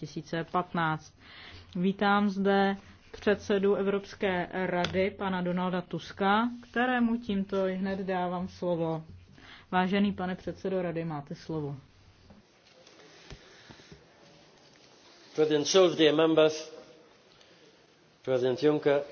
2015. Vítám zde předsedu Evropské rady, pana Donalda Tuska, kterému tímto hned dávám slovo. Vážený pane předsedo rady, máte slovo. President Scholz, dear members, President Juncker,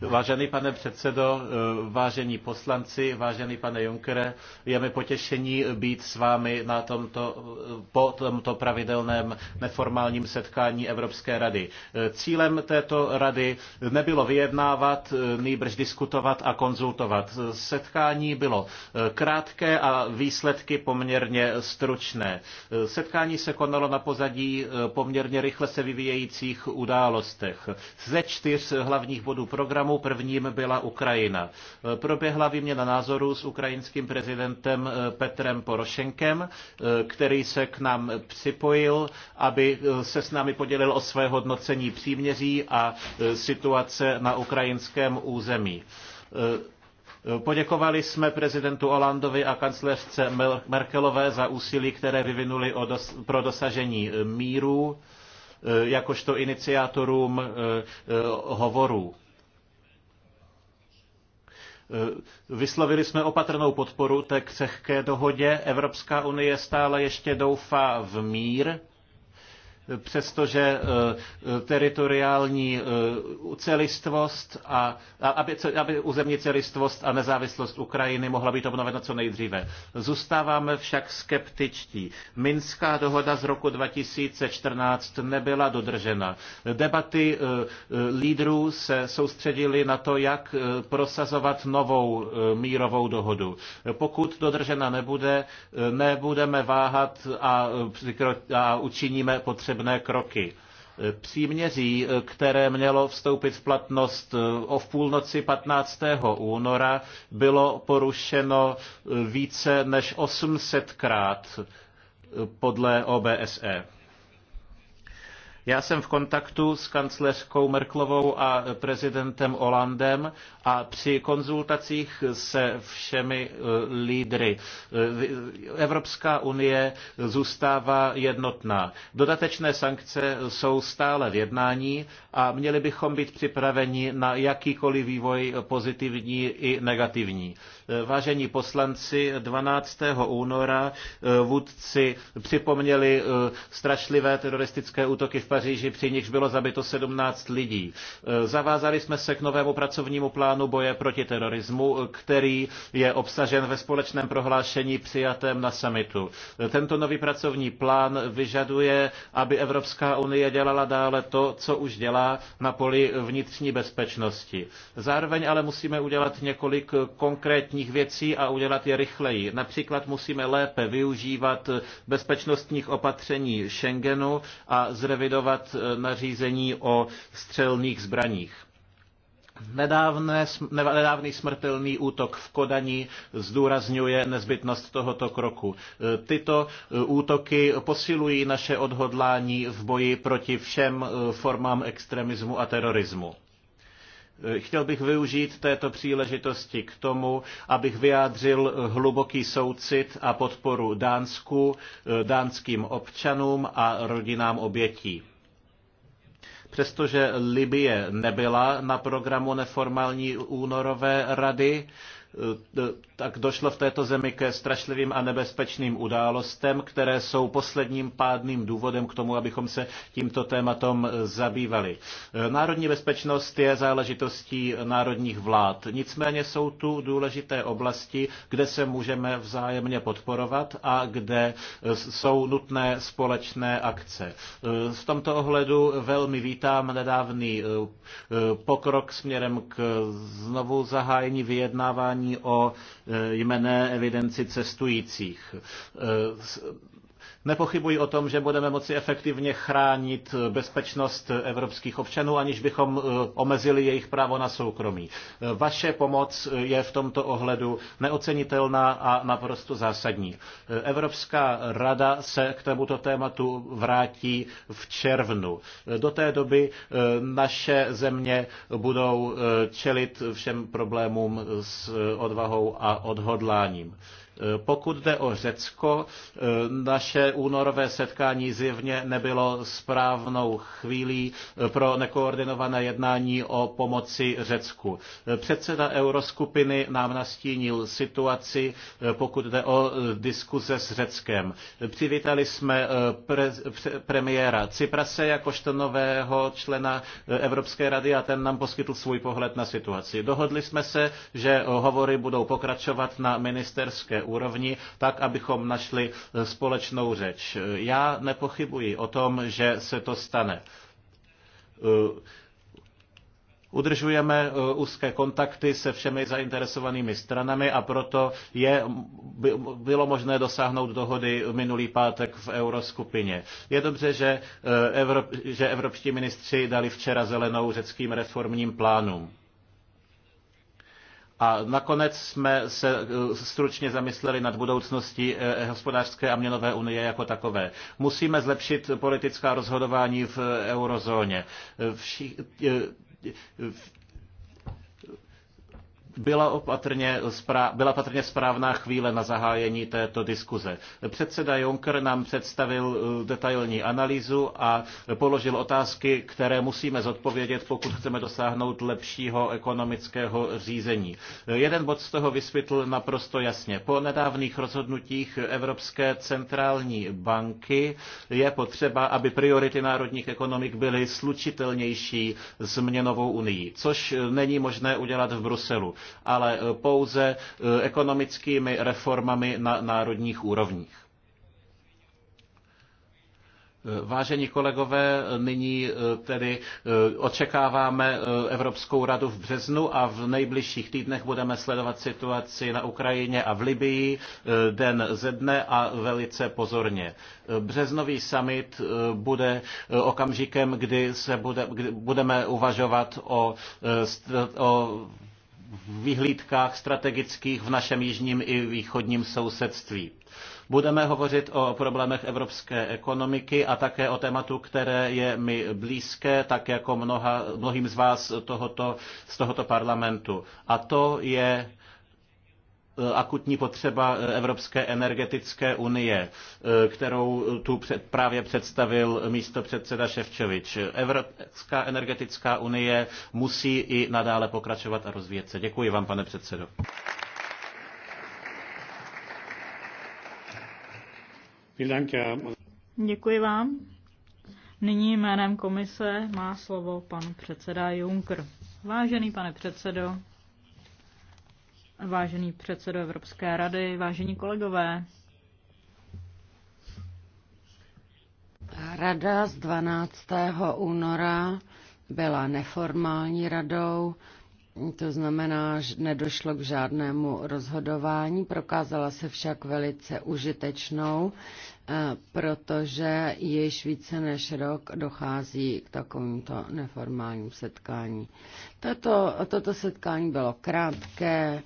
Vážený pane předsedo, vážení poslanci, vážený pane Junkere, je mi potěšení být s vámi na tomto, po tomto pravidelném neformálním setkání Evropské rady. Cílem této rady nebylo vyjednávat, nýbrž diskutovat a konzultovat. Setkání bylo krátké a výsledky poměrně stručné. Setkání se konalo na pozadí poměrně rychle se vyvíjejících událostech. Ze čtyř hlavních bodů programu programu. Prvním byla Ukrajina. E, Proběhla výměna názorů s ukrajinským prezidentem e, Petrem Porošenkem, e, který se k nám připojil, aby se s námi podělil o své hodnocení příměří a situace na ukrajinském území. Poděkovali jsme prezidentu Olandovi a kancléřce Merkelové za úsilí, které vyvinuli pro dosažení míru, jakožto iniciátorům hovorů. Eh, vyslovili jsme opatrnou podporu té křehké dohodě. Evropská unie stále ještě doufá v mír přestože eh, eh, teritoriální eh, celistvost a aby, aby územní celistvost a nezávislost Ukrajiny mohla být obnovena co nejdříve. Zůstáváme však skeptičtí. Minská dohoda z roku 2014 nebyla dodržena. Debaty lídrů se soustředily na to, jak prosazovat novou mírovou dohodu. Pokud dodržena nebude, nebudeme váhat a, a učiníme potřebné potřebné kroky. E, příměří, e, které mělo vstoupit v platnost e, o v půlnoci 15. února, bylo porušeno více než 800krát podle OBSE. Já jsem v kontaktu s kancléřkou Merklovou a prezidentem Olandem a při konzultacích se všemi eh, lídry eh, Evropská unie zůstává jednotná. Dodatečné sankce jsou stále v jednání a měli bychom být připraveni na jakýkoliv vývoj pozitivní i negativní. Eh, Vážení poslanci, 12. února vůdci připomněli strašlivé teroristické útoky v Paříži, při nichž bylo zabito 17 lidí. E, zavázali jsme se k novému pracovnímu plánu boje proti terorismu, který je obsažen ve společném prohlášení přijatém na summitu. E, tento nový pracovní plán vyžaduje, aby Evropská unie dělala dále to, co už dělá na poli vnitřní bezpečnosti. Zároveň ale musíme udělat několik konkrétních věcí a udělat je rychleji. Například musíme lépe využívat bezpečnostních opatření Schengenu a zrevidovat respektovat eh, nařízení o střelných zbraních. nedávný smrtelný útok v Kodani zdůrazňuje nezbytnost tohoto kroku. Eh, tyto eh, útoky posilují naše odhodlání v boji proti všem formám extremismu a terorismu. Chtěl bych využít této příležitosti k tomu, abych vyjádřil hluboký soucit a podporu Dánsku, dánským občanům a rodinám obětí přestože Libie nebyla na programu neformální únorové rady, E, tak došlo v této zemi ke strašlivým a nebezpečným událostem, které jsou posledním pádným důvodem k tomu, abychom se tímto tématem e, zabývali. E, národní bezpečnost je záležitostí národních vlád. Nicméně jsou tu důležité oblasti, kde se můžeme vzájemně podporovat a kde jsou nutné společné akce. V tomto ohledu velmi vítám nedávný pokrok směrem k znovu zahájení vyjednávání nařízení o e, jmené evidenci cestujících. E, Nepochybuji o tom, že budeme moci efektivně chránit bezpečnost evropských občanů, aniž bychom eh, omezili jejich právo na soukromí. Eh, vaše pomoc eh, je v tomto ohledu neocenitelná a naprosto zásadní. Evropská rada se k tomuto tématu vrátí v červnu. Do té doby naše země budou čelit všem problémům s odvahou a odhodláním. Eh, pokud jde o Řecko, eh, naše únorové setkání zjevně nebylo správnou chvílí eh, pro nekoordinované jednání o pomoci Řecku. Předseda euroskupiny nám nastínil situaci, pokud jde o diskuze s Řeckem. Přivítali jsme pre, pre, premiéra Ciprase jakožto nového člena Evropské rady a ten nám poskytl svůj pohled na situaci. Dohodli jsme se, že hovory budou pokračovat na ministerské úrovni, tak abychom našli eh, společnou řeč. Eh, já nepochybuji o tom, že se to stane. Eh, udržujeme úzké kontakty se všemi zainteresovanými stranami a proto je, by, bylo možné dosáhnout dohody minulý pátek v euroskupině. Je dobře, že, Evrop, že evropští ministři dali včera zelenou řeckým reformním plánům. A nakonec jsme se eh, stručně zamysleli nad budoucností eh, hospodářské a měnové unie jako takové. Musíme zlepšit politická rozhodování v eh, eurozóně. Vši, byla, opatrně, byla patrně správná chvíle na zahájení této diskuze. Předseda Juncker nám představil uh, detailní analýzu a položil otázky, které musíme zodpovědět, pokud chceme dosáhnout lepšího ekonomického řízení. Jeden bod z toho vysvětlil naprosto jasně. Po nedávných rozhodnutích Evropské centrální banky je potřeba, aby priority národních ekonomik byly slučitelnější s měnovou unii, což není možné udělat v Bruselu ale eh, pouze eh, ekonomickými reformami na národních úrovních. Eh, vážení kolegové, nyní tedy očekáváme Evropskou radu v březnu a v nejbližších týdnech budeme sledovat situaci na Ukrajině a v Libyi den ze dne a velice pozorně. Březnový summit bude okamžikem, kdy se bude, kdy budeme uvažovat o, o vyhlídkách strategických v našem jižním i východním sousedství. Budeme hovořit o problémech evropské ekonomiky a také o tématu, které je mi blízké, tak jako mnoha, mnohým z vás tohoto, z tohoto parlamentu. A to je Eh, akutní potřeba eh, Evropské energetické unie, eh, kterou tu před, právě představil místo předseda Ševčovič. Evropská energetická unie musí i nadále pokračovat a rozvíjet se. Děkuji vám, pane předsedo. Děkuji vám. Nyní jménem komise má slovo pan předseda Juncker. Vážený pane předsedo, Vážený předsedo Evropské rady, vážení kolegové. Rada z 12. února byla neformální radou, to znamená, že nedošlo k žádnému rozhodování, prokázala se však velice užitečnou, eh, protože již více než rok dochází k takovýmto neformálním setkání. Toto, toto setkání bylo krátké,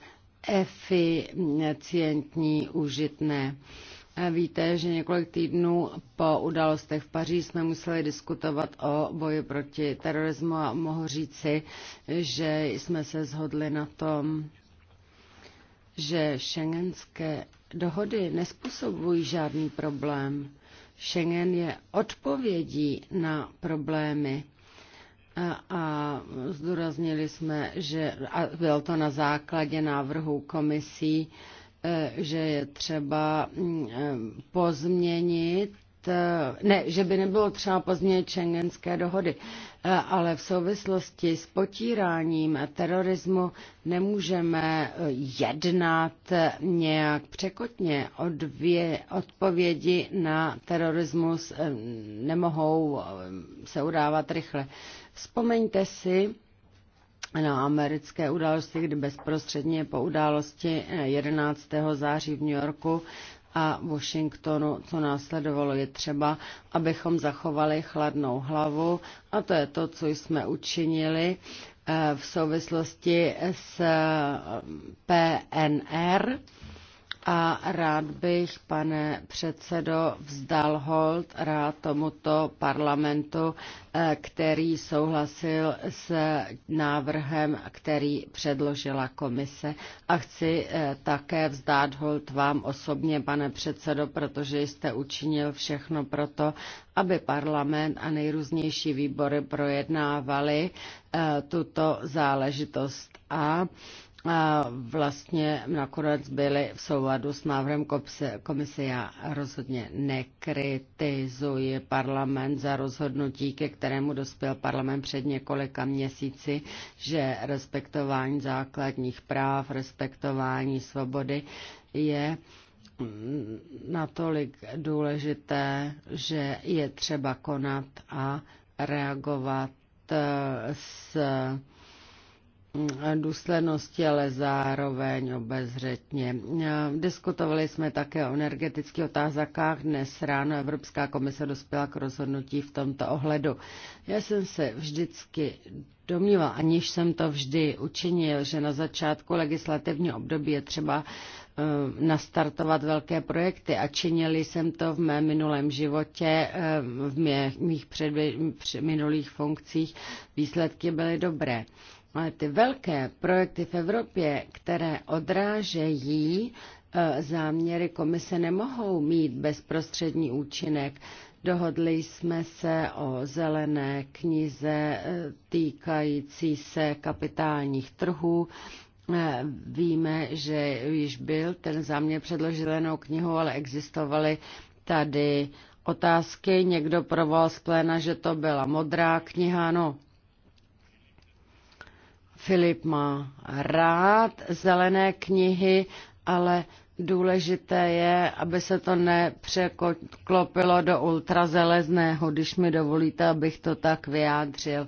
eficientní, užitné. Víte, že několik týdnů po událostech v Paříži jsme museli diskutovat o boji proti terorismu a mohu říci, že jsme se zhodli na tom, že šengenské dohody nespůsobují žádný problém. Schengen je odpovědí na problémy a zdůraznili jsme, že a byl to na základě návrhu komisí, e, že je třeba mm, e, pozměnit e, ne, že by nebylo třeba pozměnit čengenské dohody, ale v souvislosti s potíráním terorismu nemůžeme jednat nějak překotně. Odvě, odpovědi na terorismus nemohou se udávat rychle. Vzpomeňte si na americké události, kdy bezprostředně po události 11. září v New Yorku a Washingtonu, co následovalo, je třeba, abychom zachovali chladnou hlavu a to je to, co jsme učinili eh, v souvislosti s eh, PNR a rád bych, pane předsedo, vzdal hold rád tomuto parlamentu, eh, který souhlasil s návrhem, který předložila komise. A chci eh, také vzdát hold vám osobně, pane předsedo, protože jste učinil všechno proto, aby parlament a nejrůznější výbory projednávali eh, tuto záležitost. A vlastně nakonec byly v souladu s návrhem komise. Já rozhodně nekritizuji parlament za rozhodnutí, ke kterému dospěl parlament před několika měsíci, že respektování základních práv, respektování svobody je natolik důležité, že je třeba konat a reagovat s důslednosti, ale zároveň obezřetně. Diskutovali jsme také o energetických otázkách. Dnes ráno Evropská komise dospěla k rozhodnutí v tomto ohledu. Já jsem se vždycky domníval, aniž jsem to vždy učinil, že na začátku legislativního období je třeba eh, nastartovat velké projekty a činili jsem to v mém minulém životě, eh, v mých, před, před, minulých funkcích. Výsledky byly dobré. Ale ty velké projekty v Evropě, které odrážejí e, záměry komise, nemohou mít bezprostřední účinek. Dohodli jsme se o zelené knize e, týkající se kapitálních trhů. E, víme, že již byl ten záměr předloženou knihou, ale existovaly tady otázky. Někdo provolal z pléna, že to byla modrá kniha. No, Filip má rád zelené knihy, ale důležité je, aby se to nepřeklopilo do ultrazelezného, když mi dovolíte, abych to tak vyjádřil.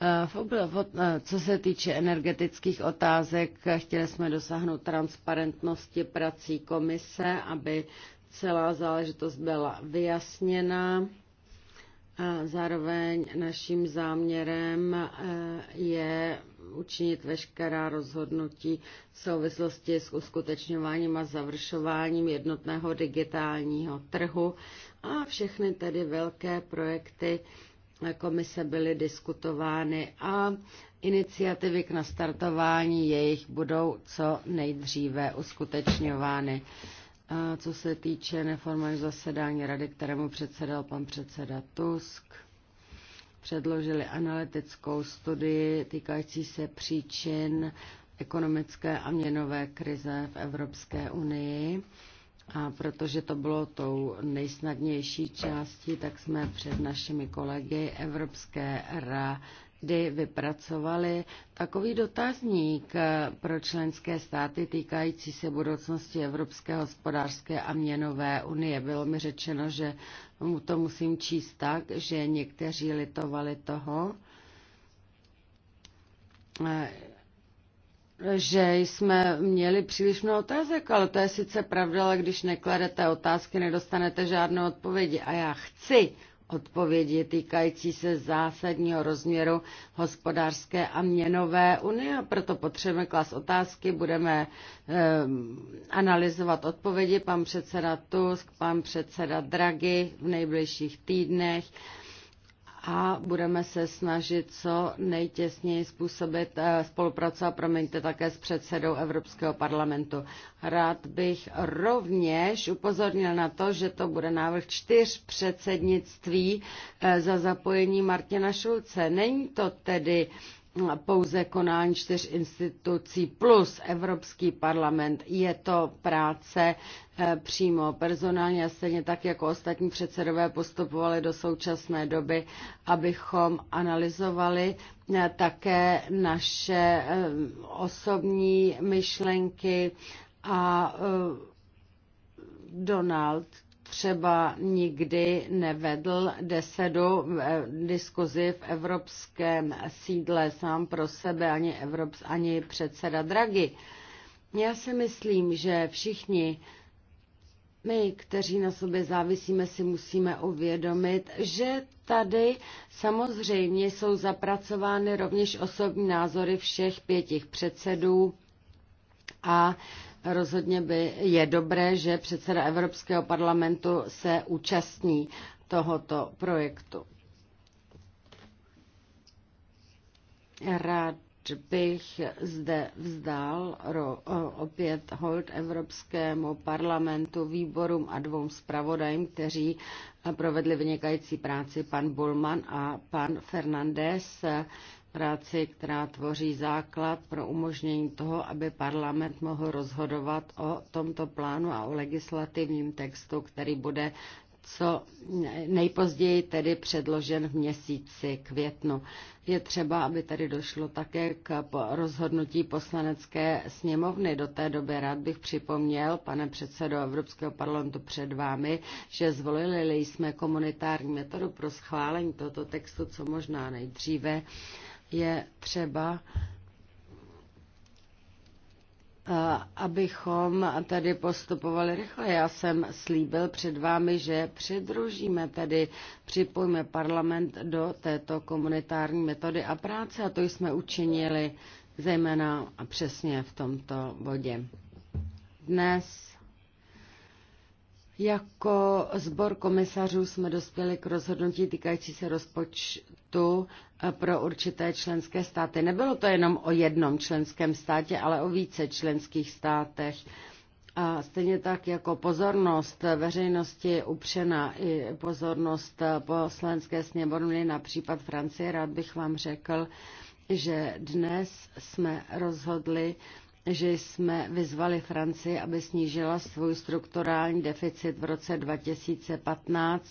Eh, eh, co se týče energetických otázek, chtěli jsme dosáhnout transparentnosti prací komise, aby celá záležitost byla vyjasněna a zároveň naším záměrem e, je učinit veškerá rozhodnutí v souvislosti s uskutečňováním a završováním jednotného digitálního trhu a všechny tedy velké projekty komise byly diskutovány a iniciativy k nastartování jejich budou co nejdříve uskutečňovány co se týče neformální zasedání rady, kterému předsedal pan předseda Tusk, předložili analytickou studii týkající se příčin ekonomické a měnové krize v Evropské unii. A protože to bylo tou nejsnadnější částí, tak jsme před našimi kolegy Evropské kdy vypracovali takový dotazník pro členské státy týkající se budoucnosti Evropské hospodářské a měnové unie. Bylo mi řečeno, že mu to musím číst tak, že někteří litovali toho, že jsme měli příliš mnoho otázek, ale to je sice pravda, ale když nekladete otázky, nedostanete žádnou odpovědi. A já chci odpovědi týkající se zásadního rozměru hospodářské a měnové unie. Proto potřebujeme klas otázky, budeme eh, analyzovat odpovědi. Pan předseda Tusk, pan předseda Draghi v nejbližších týdnech. Eh, a budeme se snažit co nejtěsněji způsobit eh, spolupracovat, promiňte, také s předsedou Evropského parlamentu. Rád bych rovněž upozornil na to, že to bude návrh čtyř předsednictví eh, za zapojení Martina Šulce. Není to tedy pouze konání čtyř institucí plus Evropský parlament. Je to práce eh, přímo personálně a stejně tak, jako ostatní předsedové postupovali do současné doby, abychom analyzovali eh, také naše eh, osobní myšlenky a Donald třeba nikdy nevedl desedu eh, diskuzi v evropském sídle sám pro sebe, ani, Evrops, ani předseda Draghi. Já si myslím, že všichni my, kteří na sobě závisíme, si musíme uvědomit, že tady samozřejmě jsou zapracovány rovněž osobní názory všech pětich předsedů a Rozhodně by je dobré, že předseda Evropského parlamentu se účastní tohoto projektu. Rád bych zde vzdal ro, opět hold Evropskému parlamentu, výborům a dvou zpravodajům, kteří provedli vynikající práci pan Bulman a pan Fernandez práci, která tvoří základ pro umožnění toho, aby parlament mohl rozhodovat o tomto plánu a o legislativním textu, který bude co nejpozději tedy předložen v měsíci květnu. Je třeba, aby tady došlo také k rozhodnutí poslanecké sněmovny. Do té doby rád bych připomněl, pane předsedo Evropského parlamentu před vámi, že zvolili jsme komunitární metodu pro schválení tohoto textu co možná nejdříve je třeba abychom tady postupovali rychle. Já jsem slíbil před vámi, že přidružíme, tedy připojíme parlament do této komunitární metody a práce a to jsme učinili zejména a přesně v tomto bodě. Dnes jako sbor komisařů jsme dospěli k rozhodnutí týkající se rozpočtu eh, pro určité členské státy. Nebylo to jenom o jednom členském státě, ale o více členských státech. A stejně tak jako pozornost veřejnosti upřena i pozornost poslanské sněmovny, na případ Francie, rád bych vám řekl, že dnes jsme rozhodli, že jsme vyzvali Francii, aby snížila svůj strukturální deficit v roce 2015,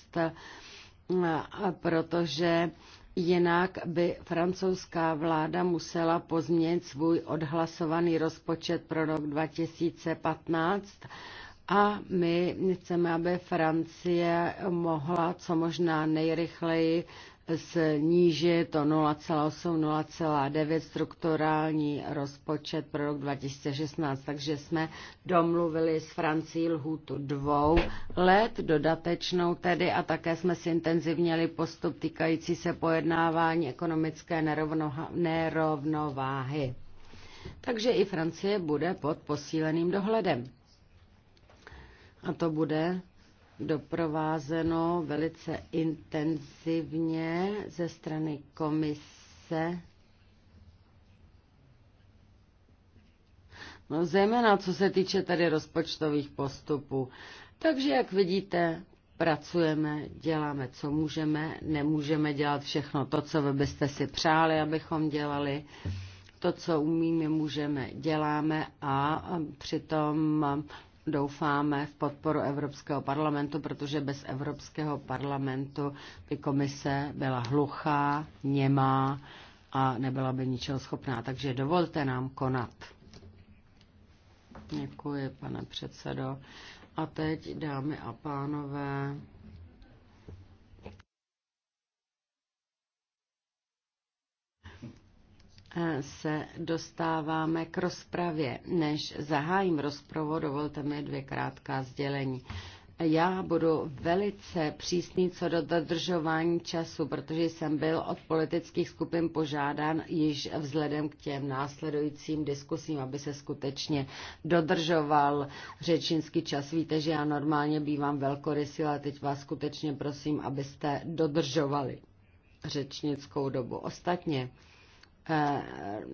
protože jinak by francouzská vláda musela pozměnit svůj odhlasovaný rozpočet pro rok 2015 a my chceme, aby Francie mohla co možná nejrychleji snížit to 0,8-0,9 strukturální rozpočet pro rok 2016. Takže jsme domluvili s Francií lhůtu dvou let, dodatečnou tedy, a také jsme si intenzivněli postup týkající se pojednávání ekonomické nerovnováhy. Takže i Francie bude pod posíleným dohledem. A to bude doprovázeno velice intenzivně ze strany komise. No zejména co se týče tady rozpočtových postupů. Takže jak vidíte, pracujeme, děláme, co můžeme, nemůžeme dělat všechno to, co vy byste si přáli, abychom dělali. To, co umíme, můžeme, děláme a přitom doufáme v podporu Evropského parlamentu, protože bez Evropského parlamentu by komise byla hluchá, němá a nebyla by ničeho schopná. Takže dovolte nám konat. Děkuji, pane předsedo. A teď, dámy a pánové, se dostáváme k rozpravě. Než zahájím rozpravu, dovolte mi dvě krátká sdělení. Já budu velice přísný co do dodržování času, protože jsem byl od politických skupin požádán již vzhledem k těm následujícím diskusím, aby se skutečně dodržoval řečnický čas. Víte, že já normálně bývám velkorysil, ale teď vás skutečně prosím, abyste dodržovali řečnickou dobu. Ostatně, Eh,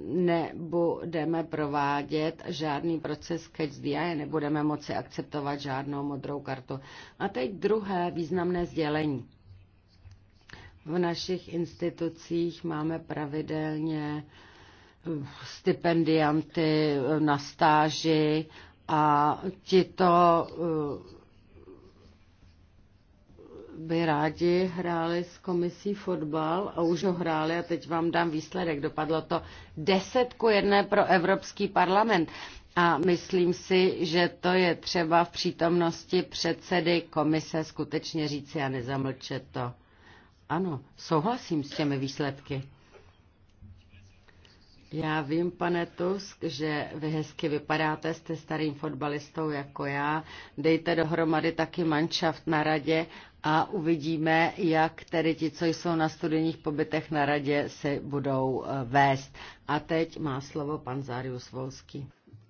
nebudeme provádět žádný proces Catch the Eye, nebudeme moci akceptovat žádnou modrou kartu. A teď druhé významné sdělení. V našich institucích máme pravidelně eh, stipendianty eh, na stáži a tito by rádi hráli s komisí fotbal a už ho hráli a teď vám dám výsledek. Dopadlo to desetku jedné pro Evropský parlament. A myslím si, že to je třeba v přítomnosti předsedy komise skutečně říci a nezamlčet to. Ano, souhlasím s těmi výsledky. Já vím, pane Tusk, že vy hezky vypadáte, jste starým fotbalistou jako já. Dejte dohromady taky manšaft na radě a uvidíme, jak tedy ti, co jsou na studijních pobytech na radě, se budou eh, vést. A teď má slovo pan Zárius Volský.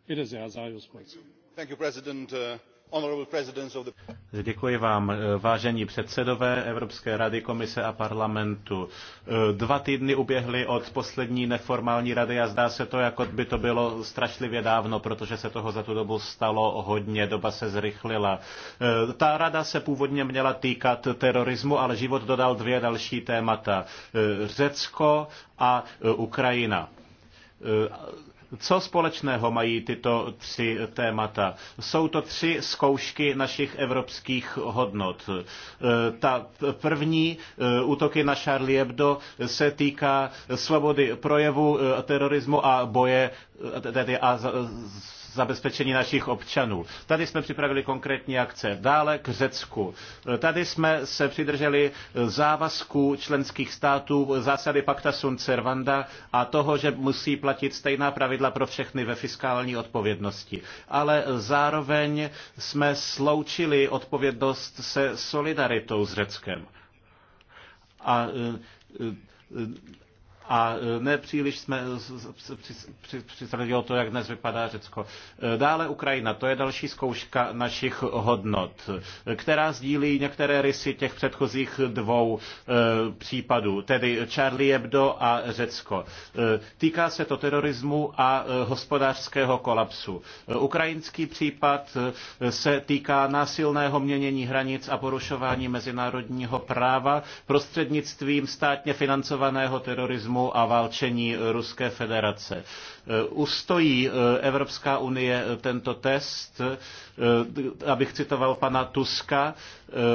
It is Zárius Volský. Thank you, President. Uh... Děkuji vám, eh, vážení předsedové Evropské rady, komise a parlamentu. Eh, dva týdny uběhly od poslední neformální rady a zdá se to, jako by to bylo strašlivě dávno, protože se toho za tu dobu stalo hodně, doba se zrychlila. Eh, ta rada se původně měla týkat terorismu, ale život dodal dvě další témata. Řecko a Ukrajina co společného mají tyto tři témata? Jsou to tři zkoušky našich evropských hodnot. E, ta první e, útoky na Charlie Hebdo se týká svobody projevu, e, terorismu a boje tedy a zabezpečení našich občanů. Tady jsme připravili konkrétní akce. Dále k Řecku. Tady jsme se přidrželi závazků členských států, zásady Pakta Sun servanda a toho, že musí platit stejná pravidla pro všechny ve fiskální odpovědnosti. Ale zároveň jsme sloučili odpovědnost se solidaritou s Řeckem. A e, e, a e, příliš jsme přizradilo to, jak dnes vypadá Řecko. E, dále Ukrajina, to je další zkouška našich hodnot, e, která sdílí některé rysy těch předchozích dvou případů, tedy Charlie Hebdo a Řecko. Týká se to terorismu a hospodářského kolapsu. Ukrajinský případ se týká násilného měnění hranic a porušování mezinárodního práva prostřednictvím státně financovaného terorismu terorismu a válčení Ruské federace. Eh, ustojí eh, Evropská unie eh, tento test, abych citoval pana Tuska,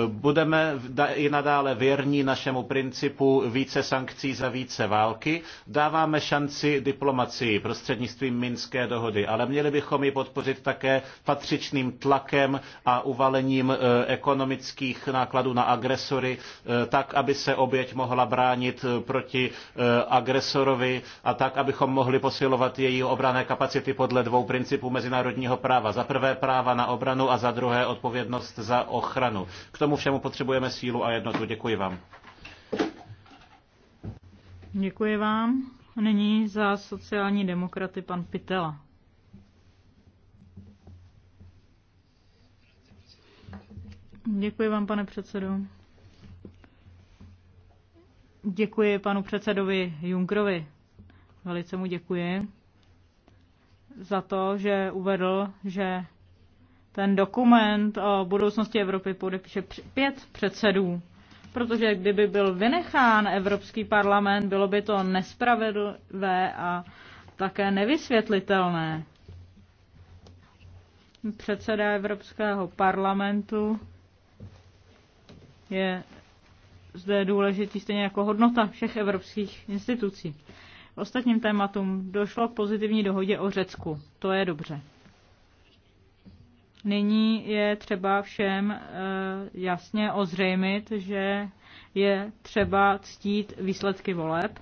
budeme i nadále věrní našemu principu více sankcí za více války, dáváme šanci diplomacii prostřednictvím Minské dohody, ale měli bychom ji podpořit také patřičným tlakem a uvalením ekonomických nákladů na agresory, tak, aby se oběť mohla bránit proti agresorovi a tak, abychom mohli posilovat jejího obrané kapacity podle dvou principů mezinárodního práva. Za prvé práva na obranu a za druhé odpovědnost za ochranu. K tomu všemu potřebujeme sílu a jednotu. Děkuji vám. Děkuji vám. Nyní za sociální demokraty pan Pitela. Děkuji vám, pane předsedo. Děkuji panu předsedovi Junkrovi. Velice mu děkuji za to, že uvedl, že ten dokument o budoucnosti Evropy podepíše pět předsedů. Protože kdyby byl vynechán Evropský parlament, bylo by to nespravedlivé a také nevysvětlitelné. Předseda Evropského parlamentu je zde důležitý stejně jako hodnota všech evropských institucí ostatním tématům došlo k pozitivní dohodě o Řecku. To je dobře. Nyní je třeba všem eh, jasně ozřejmit, že je třeba ctít výsledky voleb.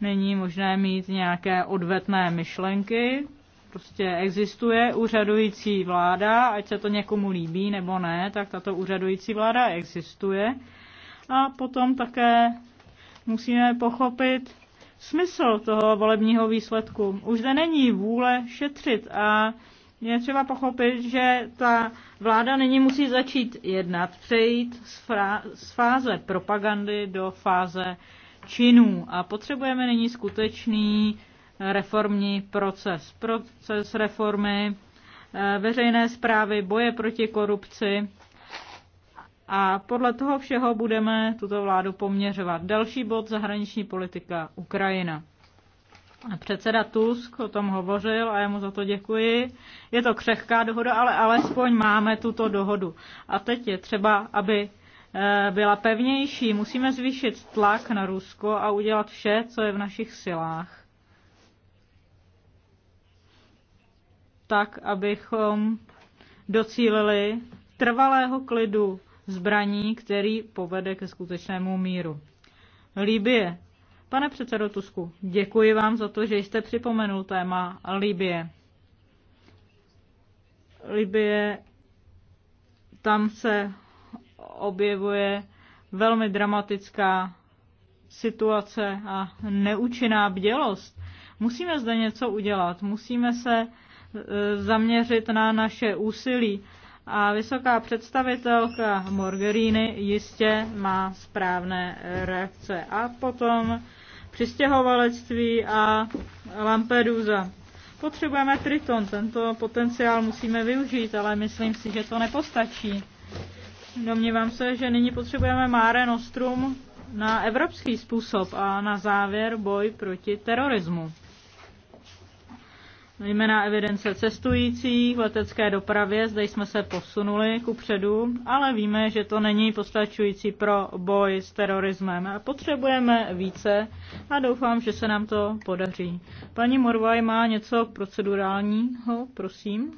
Není možné mít nějaké odvetné myšlenky. Prostě existuje úřadující vláda, ať se to někomu líbí nebo ne, tak tato úřadující vláda existuje. A potom také Musíme pochopit smysl toho volebního výsledku. Už zde není vůle šetřit a je třeba pochopit, že ta vláda nyní musí začít jednat, přejít z, z fáze propagandy do fáze činů. A potřebujeme nyní skutečný reformní proces. Proces reformy eh, veřejné zprávy, boje proti korupci a podle toho všeho budeme tuto vládu poměřovat. Další bod zahraniční politika Ukrajina. Předseda Tusk o tom hovořil a já mu za to děkuji. Je to křehká dohoda, ale alespoň máme tuto dohodu. A teď je třeba, aby eh, byla pevnější. Musíme zvýšit tlak na Rusko a udělat vše, co je v našich silách. Tak, abychom docílili trvalého klidu zbraní, který povede ke skutečnému míru. Líbie. Pane předsedo Tusku, děkuji vám za to, že jste připomenul téma Libie. Libie, tam se objevuje velmi dramatická situace a neúčinná bdělost. Musíme zde něco udělat, musíme se e, zaměřit na naše úsilí a vysoká představitelka Morgerini jistě má správné reakce. A potom přistěhovalectví a Lampedusa. Potřebujeme Triton, tento potenciál musíme využít, ale myslím si, že to nepostačí. Domnívám se, že nyní potřebujeme Mare Nostrum na evropský způsob a na závěr boj proti terorismu jména evidence cestujících v letecké dopravě, zde jsme se posunuli ku předu, ale víme, že to není postačující pro boj s terorismem. Potřebujeme více a doufám, že se nám to podaří. Paní Morvaj má něco procedurálního, prosím.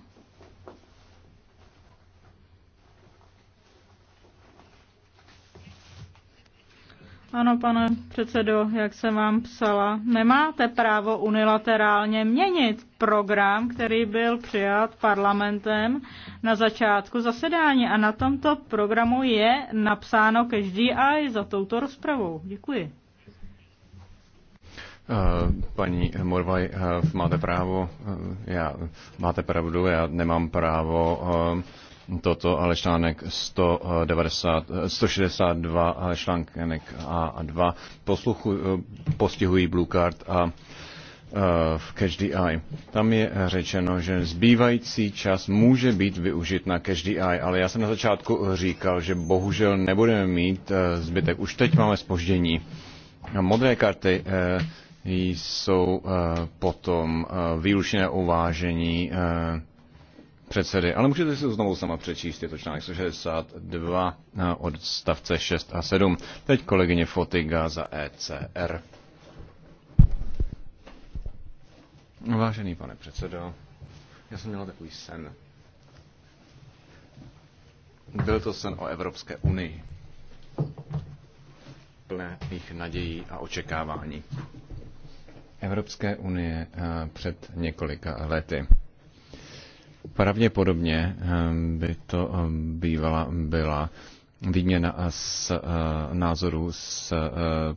Ano, pane předsedo, jak jsem vám psala, nemáte právo unilaterálně měnit program, který byl přijat parlamentem na začátku zasedání. A na tomto programu je napsáno každý a i za touto rozpravou. Děkuji. Eh, paní Morvaj, eh, máte právo, eh, já, máte pravdu, já nemám právo toto, ale článek 190, 162 ale článek A 2 posluchu, eh, postihují Blue Card a eh, v každý Eye. Tam je řečeno, že zbývající čas může být využit na každý Eye, ale já jsem na začátku říkal, že bohužel nebudeme mít eh, zbytek. Už teď máme spoždění. Modré karty jsou potom výlučné uvážení předsedy, ale můžete si to znovu sama přečíst, je to článek 162 eh, odstavce 6 a 7. Teď kolegyně Fotiga za ECR. Vážený pane předsedo, já jsem měla takový sen. Byl to sen o Evropské unii. plné mých nadějí a očekávání. Evropské unie eh, před několika lety. Pravděpodobně eh, by to eh, bývala byla výměna s eh, názoru s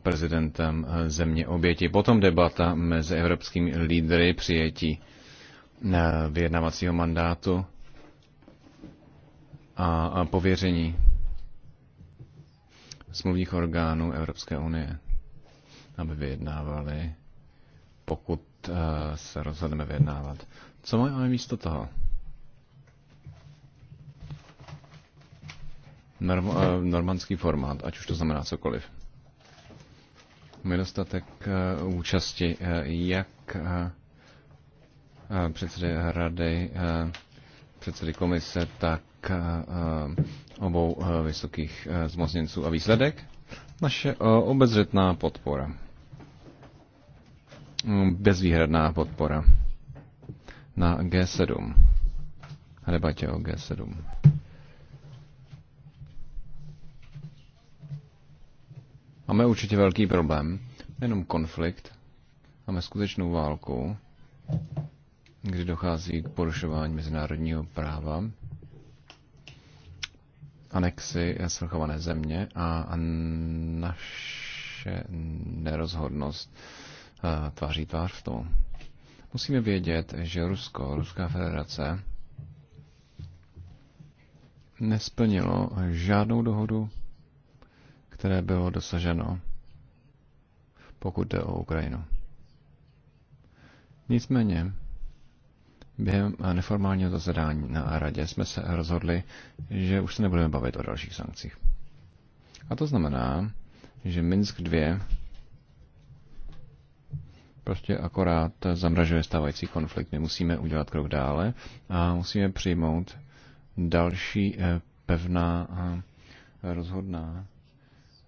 prezidentem země oběti. Potom debata mezi evropskými lídry přijetí vyjednavacího mandátu a pověření smluvních orgánů Evropské unie, aby vyjednávali, pokud se rozhodneme vyjednávat. Co máme místo toho? norm, eh, normandský formát, ať už to znamená cokoliv. Nedostatek eh, účasti, eh, jak předsedy rady, předsedy komise, tak obou vysokých zmocněnců a výsledek. Naše obezřetná podpora. Bezvýhradná podpora na G7. Debatě o G7. Máme určitě velký problém, jenom konflikt, máme skutečnou válku, kdy dochází k porušování mezinárodního práva, anexi svrchované země a naše nerozhodnost eh, tváří tvář v tom. Musíme vědět, že Rusko, Ruská federace nesplnilo žádnou dohodu které bylo dosaženo, pokud jde o Ukrajinu. Nicméně, během neformálního zasedání na radě jsme se rozhodli, že už se nebudeme bavit o dalších sankcích. A to znamená, že Minsk 2 prostě akorát zamražuje stávající konflikt. My musíme udělat krok dále a musíme přijmout další eh, pevná a eh, rozhodná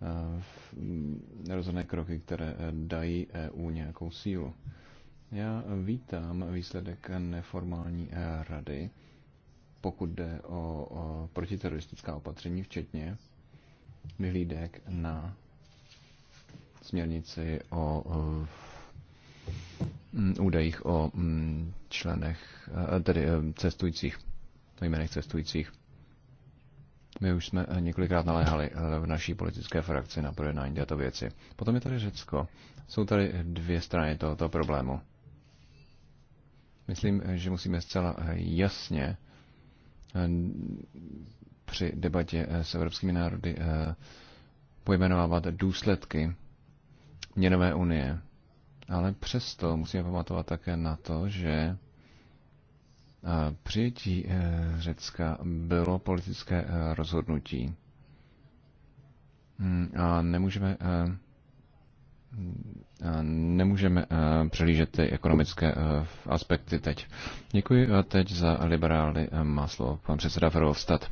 Eh, rozhodné kroky, které eh, dají EU nějakou sílu. Já vítám výsledek neformální eh, rady, pokud jde o, o protiteroristická opatření, včetně vyhlídek na směrnici o, o údajích o mm, členech, tedy cestujících, o jménech cestujících. My už jsme eh, několikrát naléhali eh, v naší politické frakci na projednání této věci. Potom je tady Řecko. Jsou tady dvě strany tohoto problému. Myslím, eh, že musíme zcela jasně při debatě s evropskými národy pojmenovávat důsledky měnové unie. Ale přesto musíme pamatovat také na to, že Přijetí eh, Řecka bylo politické eh, rozhodnutí. Hmm, a nemůžeme, eh, nemůžeme přelížet ty ekonomické aspekty teď. Děkuji a teď za liberály Maslo, pan předseda Verhofstadt.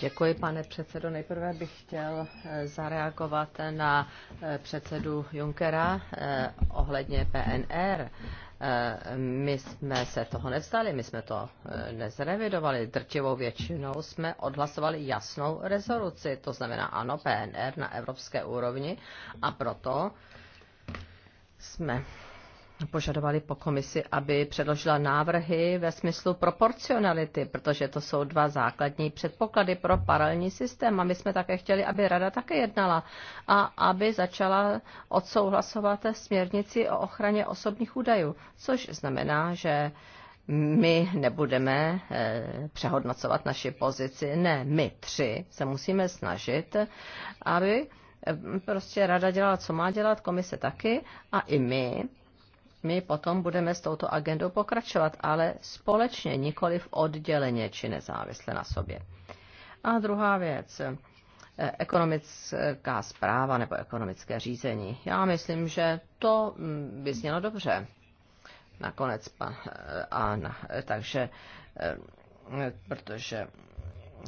Děkuji, pane předsedo. Nejprve bych chtěl zareagovat na předsedu Junkera ohledně PNR my jsme se toho nevzdali, my jsme to eh, nezrevidovali. Drtivou většinou jsme odhlasovali jasnou rezoluci, to znamená ano, PNR na evropské úrovni a proto jsme požadovali po komisi, aby předložila návrhy ve smyslu proporcionality, protože to jsou dva základní předpoklady pro paralelní systém. A my jsme také chtěli, aby rada také jednala a aby začala odsouhlasovat směrnici o ochraně osobních údajů, což znamená, že my nebudeme eh, přehodnocovat naši pozici. Ne, my tři se musíme snažit, aby eh, prostě rada dělala, co má dělat, komise taky a i my my potom budeme s touto agendou pokračovat, ale společně, nikoli v odděleně či nezávisle na sobě. A druhá věc, eh, ekonomická zpráva nebo ekonomické řízení. Já myslím, že to mm, by znělo dobře. Nakonec, eh, a, a, takže eh, protože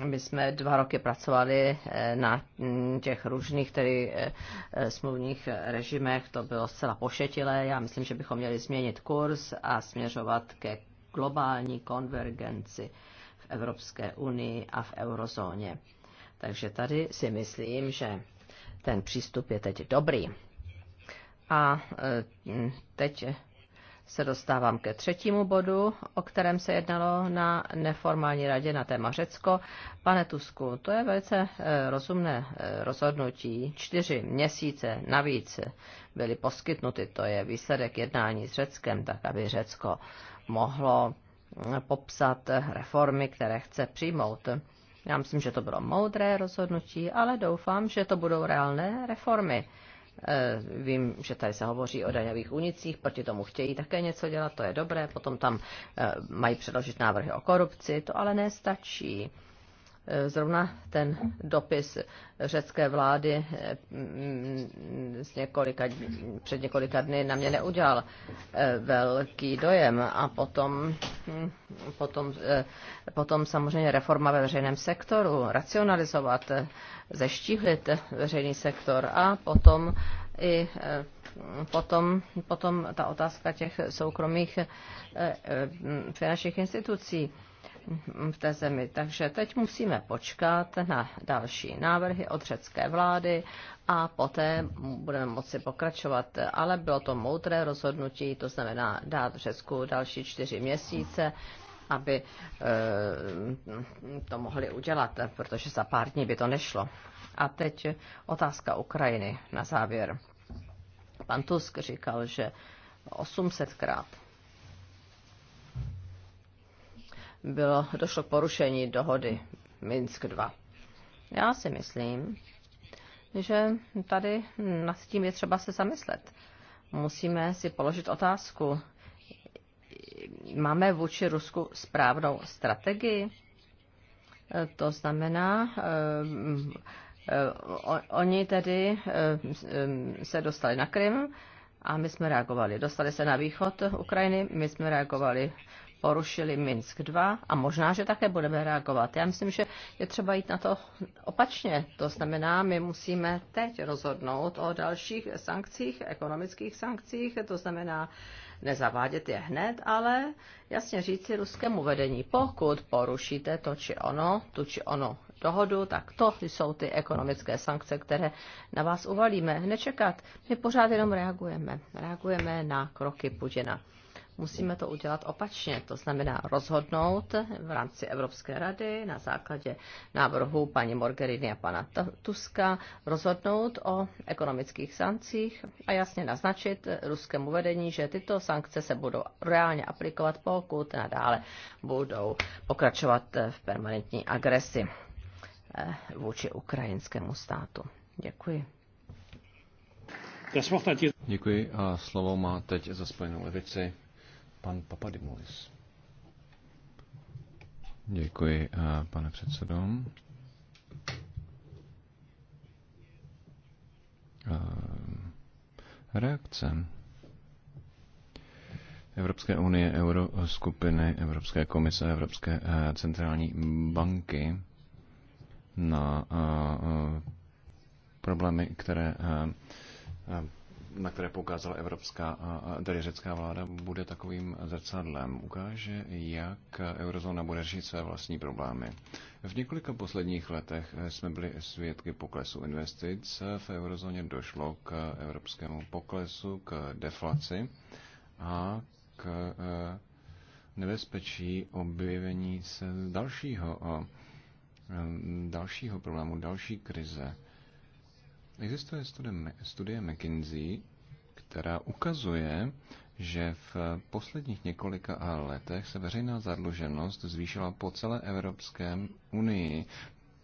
my jsme dva roky pracovali eh, na mm, těch různých tedy eh, eh, smluvních režimech, to bylo zcela pošetilé. Já myslím, že bychom měli změnit kurz a směřovat ke globální konvergenci v Evropské unii a v eurozóně. Takže tady si myslím, že ten přístup je teď dobrý. A mm, teď se dostávám ke třetímu bodu, o kterém se jednalo na neformální radě na téma Řecko. Pane Tusku, to je velice eh, rozumné eh, rozhodnutí. Čtyři měsíce navíc byly poskytnuty, to je výsledek jednání s Řeckem, tak aby Řecko mohlo hm, popsat reformy, které chce přijmout. Já myslím, že to bylo moudré rozhodnutí, ale doufám, že to budou reálné reformy. Eh, vím, že tady se hovoří o daňových unicích, proti tomu chtějí také něco dělat, to je dobré. Potom tam eh, mají předložit návrhy o korupci, to ale nestačí. Eh, zrovna ten dopis řecké vlády eh, mm, z několika, před několika dny na mě neudělal eh, velký dojem. A potom, hm, potom, potom samozřejmě reforma ve veřejném sektoru, racionalizovat, zeštíhlit veřejný sektor a potom i potom, potom ta otázka těch soukromých finančních institucí v té zemi. Takže teď musíme počkat na další návrhy od řecké vlády a poté budeme moci pokračovat. Ale bylo to moudré rozhodnutí, to znamená dát Řecku další čtyři měsíce, aby eh, to mohli udělat, protože za pár dní by to nešlo. A teď otázka Ukrajiny na závěr. Pan Tusk říkal, že 800krát bylo, došlo k porušení dohody Minsk 2. Já si myslím, že tady nad tím je třeba se zamyslet. Musíme si položit otázku, máme vůči Rusku správnou strategii? To znamená, eh, eh, oni tedy eh, se dostali na Krym a my jsme reagovali. Dostali se na východ Ukrajiny, my jsme reagovali porušili Minsk 2 a možná, že také budeme reagovat. Já myslím, že je třeba jít na to opačně. To znamená, my musíme teď rozhodnout o dalších sankcích, ekonomických sankcích, to znamená nezavádět je hned, ale jasně říci ruskému vedení, pokud porušíte to či ono, tu či ono dohodu, tak to jsou ty ekonomické sankce, které na vás uvalíme. Nečekat, my pořád jenom reagujeme. Reagujeme na kroky Putina. Musíme to udělat opačně, to znamená rozhodnout v rámci Evropské rady na základě návrhu paní Morgerini a pana Tuska, rozhodnout o ekonomických sankcích a jasně naznačit ruskému vedení, že tyto sankce se budou reálně aplikovat, pokud nadále budou pokračovat v permanentní agresi eh, vůči ukrajinskému státu. Děkuji. Děkuji a slovo má teď za spojenou levici pan Papadimulis. Děkuji, eh, pane předsedo. Eh, reakce Evropské unie, Euroskupiny, Evropské komise, Evropské eh, centrální banky na problémy, které na které poukázala evropská, tedy řecká vláda, bude takovým zrcadlem. Ukáže, jak eurozóna bude řešit své vlastní problémy. V několika posledních letech jsme byli svědky poklesu investic. V eurozóně došlo k evropskému poklesu, k deflaci a k e, nebezpečí objevení se dalšího, e, dalšího problému, další krize Existuje studie, studie McKinsey, která ukazuje, že v posledních několika letech se veřejná zadluženost zvýšila po celé Evropské unii.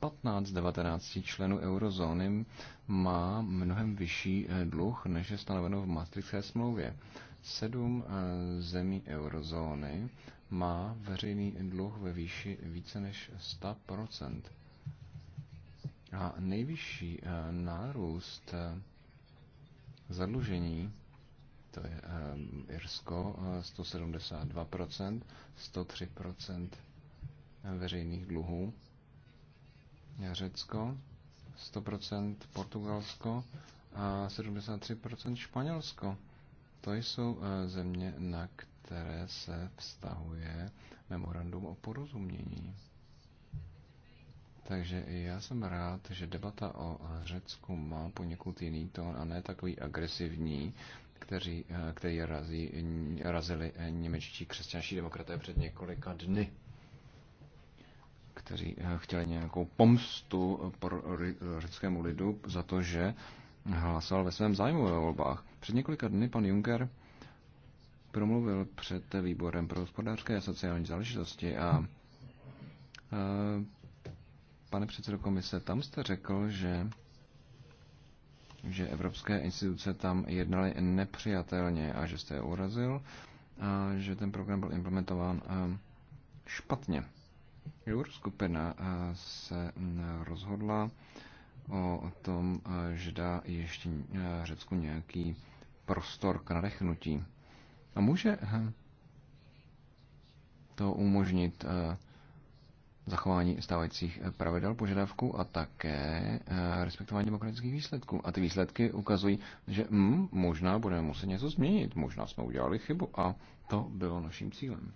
15 19 členů eurozóny má mnohem vyšší eh, dluh, než je stanoveno v Maastrichtské smlouvě. Sedm eh, zemí eurozóny má veřejný dluh ve výši více než 100 a nejvyšší eh, nárůst eh, zadlužení, to je eh, Irsko, 172%, 103% veřejných dluhů, Řecko, 100% Portugalsko a 73% Španělsko. To jsou země, na které se vztahuje memorandum o porozumění. Takže já jsem rád, že debata o Řecku má poněkud jiný tón a ne takový agresivní, kteří eh, který razí, razili eh, němečtí křesťanští demokraté před několika dny kteří eh, chtěli nějakou pomstu pro řeckému lidu za to, že hlasoval ve svém zájmu ve volbách. Před několika dny pan Juncker promluvil před výborem pro hospodářské a sociální záležitosti a pane předsedo komise, tam jste řekl, že že evropské instituce tam jednaly nepřijatelně a že jste je urazil a že ten program byl implementován eh, špatně. Euroskupina eh, se eh, rozhodla o tom, že dá ještě Řecku nějaký prostor k nadechnutí. A může to umožnit zachování stávajících eh, pravidel požadavků a také eh, respektování demokratických výsledků. A ty výsledky ukazují, že mm, možná budeme muset něco změnit, možná jsme udělali chybu a to bylo naším cílem.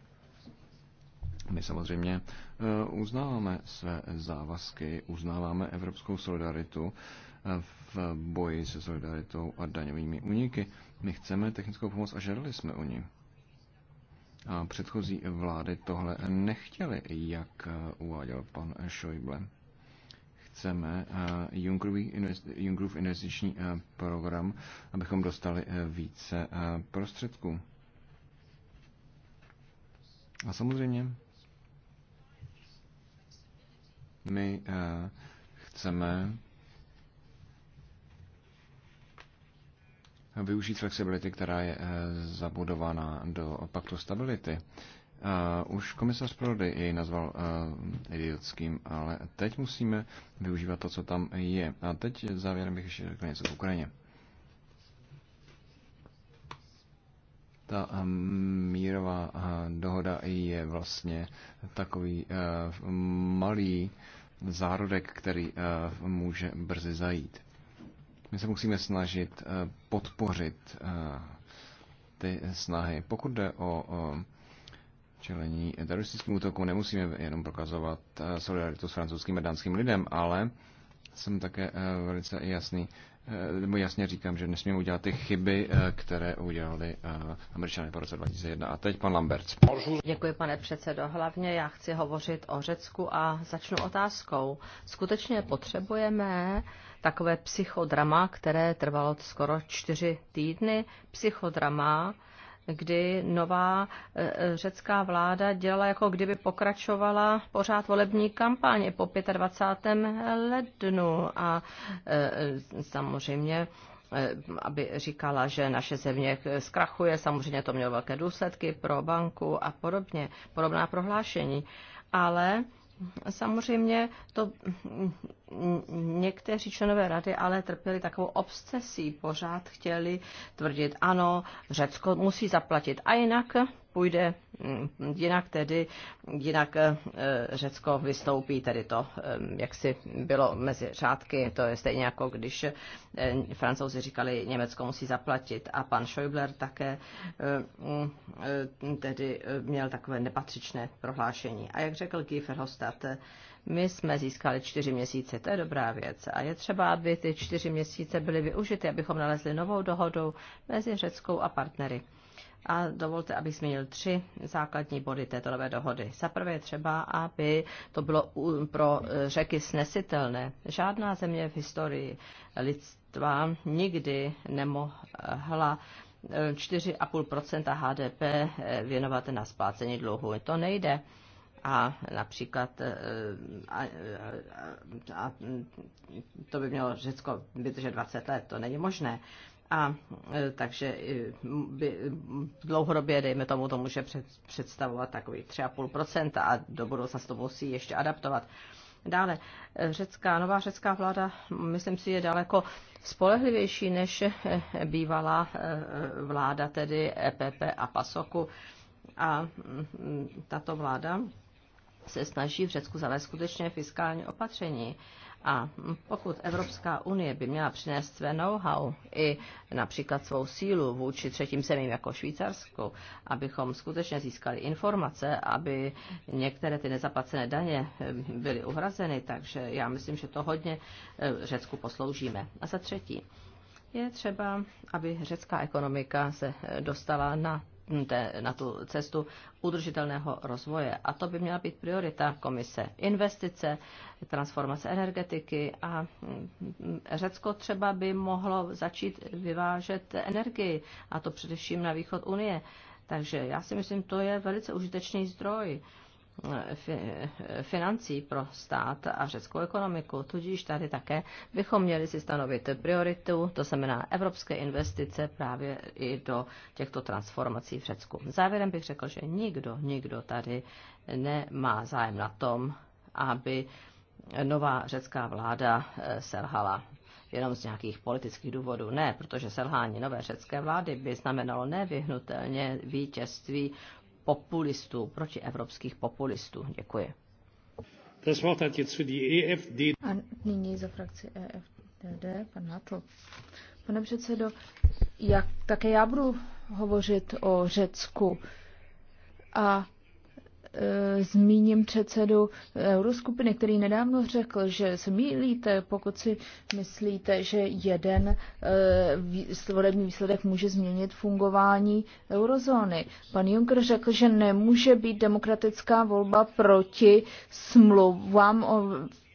My samozřejmě eh, uznáváme své závazky, uznáváme evropskou solidaritu v boji se solidaritou a daňovými úniky. My chceme technickou pomoc a žádali jsme o ní předchozí vlády tohle nechtěly, jak eh, uváděl pan Schäuble. Chceme eh, Junckerův investiční eh, program, abychom dostali více prostředků. A samozřejmě my chceme využít flexibility, která je eh, zabudovaná do paktu stability. už komisař Prody jej nazval uh, idiotským, ale teď musíme využívat to, co tam je. A teď závěrem bych ještě řekl něco k Ukrajině. Ta eh, mírová dohoda je vlastně takový malý zárodek, který může brzy zajít. My se musíme snažit eh, podpořit eh, ty snahy. Pokud jde o eh, čelení teroristickým útokům, nemusíme jenom prokazovat solidaritu s francouzským a dánským lidem, ale jsem také velice jasný, nebo jasně říkám, že nesmíme udělat ty chyby, které udělali američané po roce 2001. A teď pan Lambert. Děkuji, pane předsedo. Hlavně já chci hovořit o Řecku a začnu otázkou. Skutečně potřebujeme uh, takové psychodrama, které trvalo skoro čtyři týdny. Psychodrama, kdy nová e, e, řecká vláda dělala, jako kdyby pokračovala pořád volební kampaně po 25. lednu a e, samozřejmě aby říkala, že naše země zkrachuje, samozřejmě to mělo velké důsledky pro banku a podobně, podobná prohlášení. Ale samozřejmě to někteří členové rady ale trpěli takovou obsesí, pořád chtěli tvrdit, ano, Řecko musí zaplatit a jinak půjde, mm, jinak tedy, jinak eh, Řecko vystoupí, tedy to, eh, jak si bylo mezi řádky, to je stejně jako když eh, francouzi říkali, Německo musí zaplatit a pan Schäubler také mm, tedy měl takové nepatřičné prohlášení. A jak řekl Guy Verhofstadt, my jsme získali čtyři měsíce, to je dobrá věc. A je třeba, aby ty čtyři měsíce byly využity, abychom nalezli novou dohodu mezi Řeckou a partnery. A dovolte, abych zmínil tři základní body této nové dohody. Za prvé třeba, aby to bylo pro řeky snesitelné. Žádná země v historii lidstva nikdy nemohla 4,5 eh, HDP eh, věnovat na splácení dluhu. To nejde a například eh, a, a, a to by mělo Řecko vydržet 20 let, to není možné. A eh, takže eh, by, dlouhodobě, dejme tomu, to může představovat takový 3,5% a do budoucna se to musí ještě adaptovat. Dále, řecká, nová řecká vláda, myslím si, je daleko spolehlivější než bývalá vláda, tedy EPP a PASOKu. A mm, mm, tato vláda se snaží v Řecku zavést skutečně fiskální opatření. A pokud Evropská unie by měla přinést své know-how i například svou sílu vůči třetím zemím jako Švýcarsku, abychom skutečně získali informace, aby některé ty nezaplacené daně eh, byly uhrazeny, takže já myslím, že to hodně eh, Řecku posloužíme. A za třetí, je třeba, aby řecká ekonomika se eh, dostala na té, na tu cestu udržitelného rozvoje. A to by měla být priorita komise. Investice, transformace energetiky a mm, Řecko třeba by mohlo začít vyvážet energii, a to především na východ Unie. Takže já si myslím, to je velice užitečný zdroj financí pro stát a řeckou ekonomiku. Tudíž tady také bychom měli si stanovit prioritu, to znamená evropské investice právě i do těchto transformací v Řecku. Závěrem bych řekl, že nikdo, nikdo tady nemá zájem na tom, aby nová řecká vláda eh, selhala jenom z nějakých politických důvodů. Ne, protože selhání nové řecké vlády by znamenalo nevyhnutelně vítězství populistů, proti evropských populistů. Děkuji. Das Wort hat jetzt für die EFD. A nyní za frakci EFDD, pan Natl. Pane předsedo, jak, také já budu hovořit o Řecku. A Eh, zmíním předsedu Euroskupiny, který nedávno řekl, že se mýlíte, pokud si myslíte, že jeden eh, volební výsledek může změnit fungování eurozóny. Pan Juncker řekl, že nemůže být demokratická volba proti smlouvám o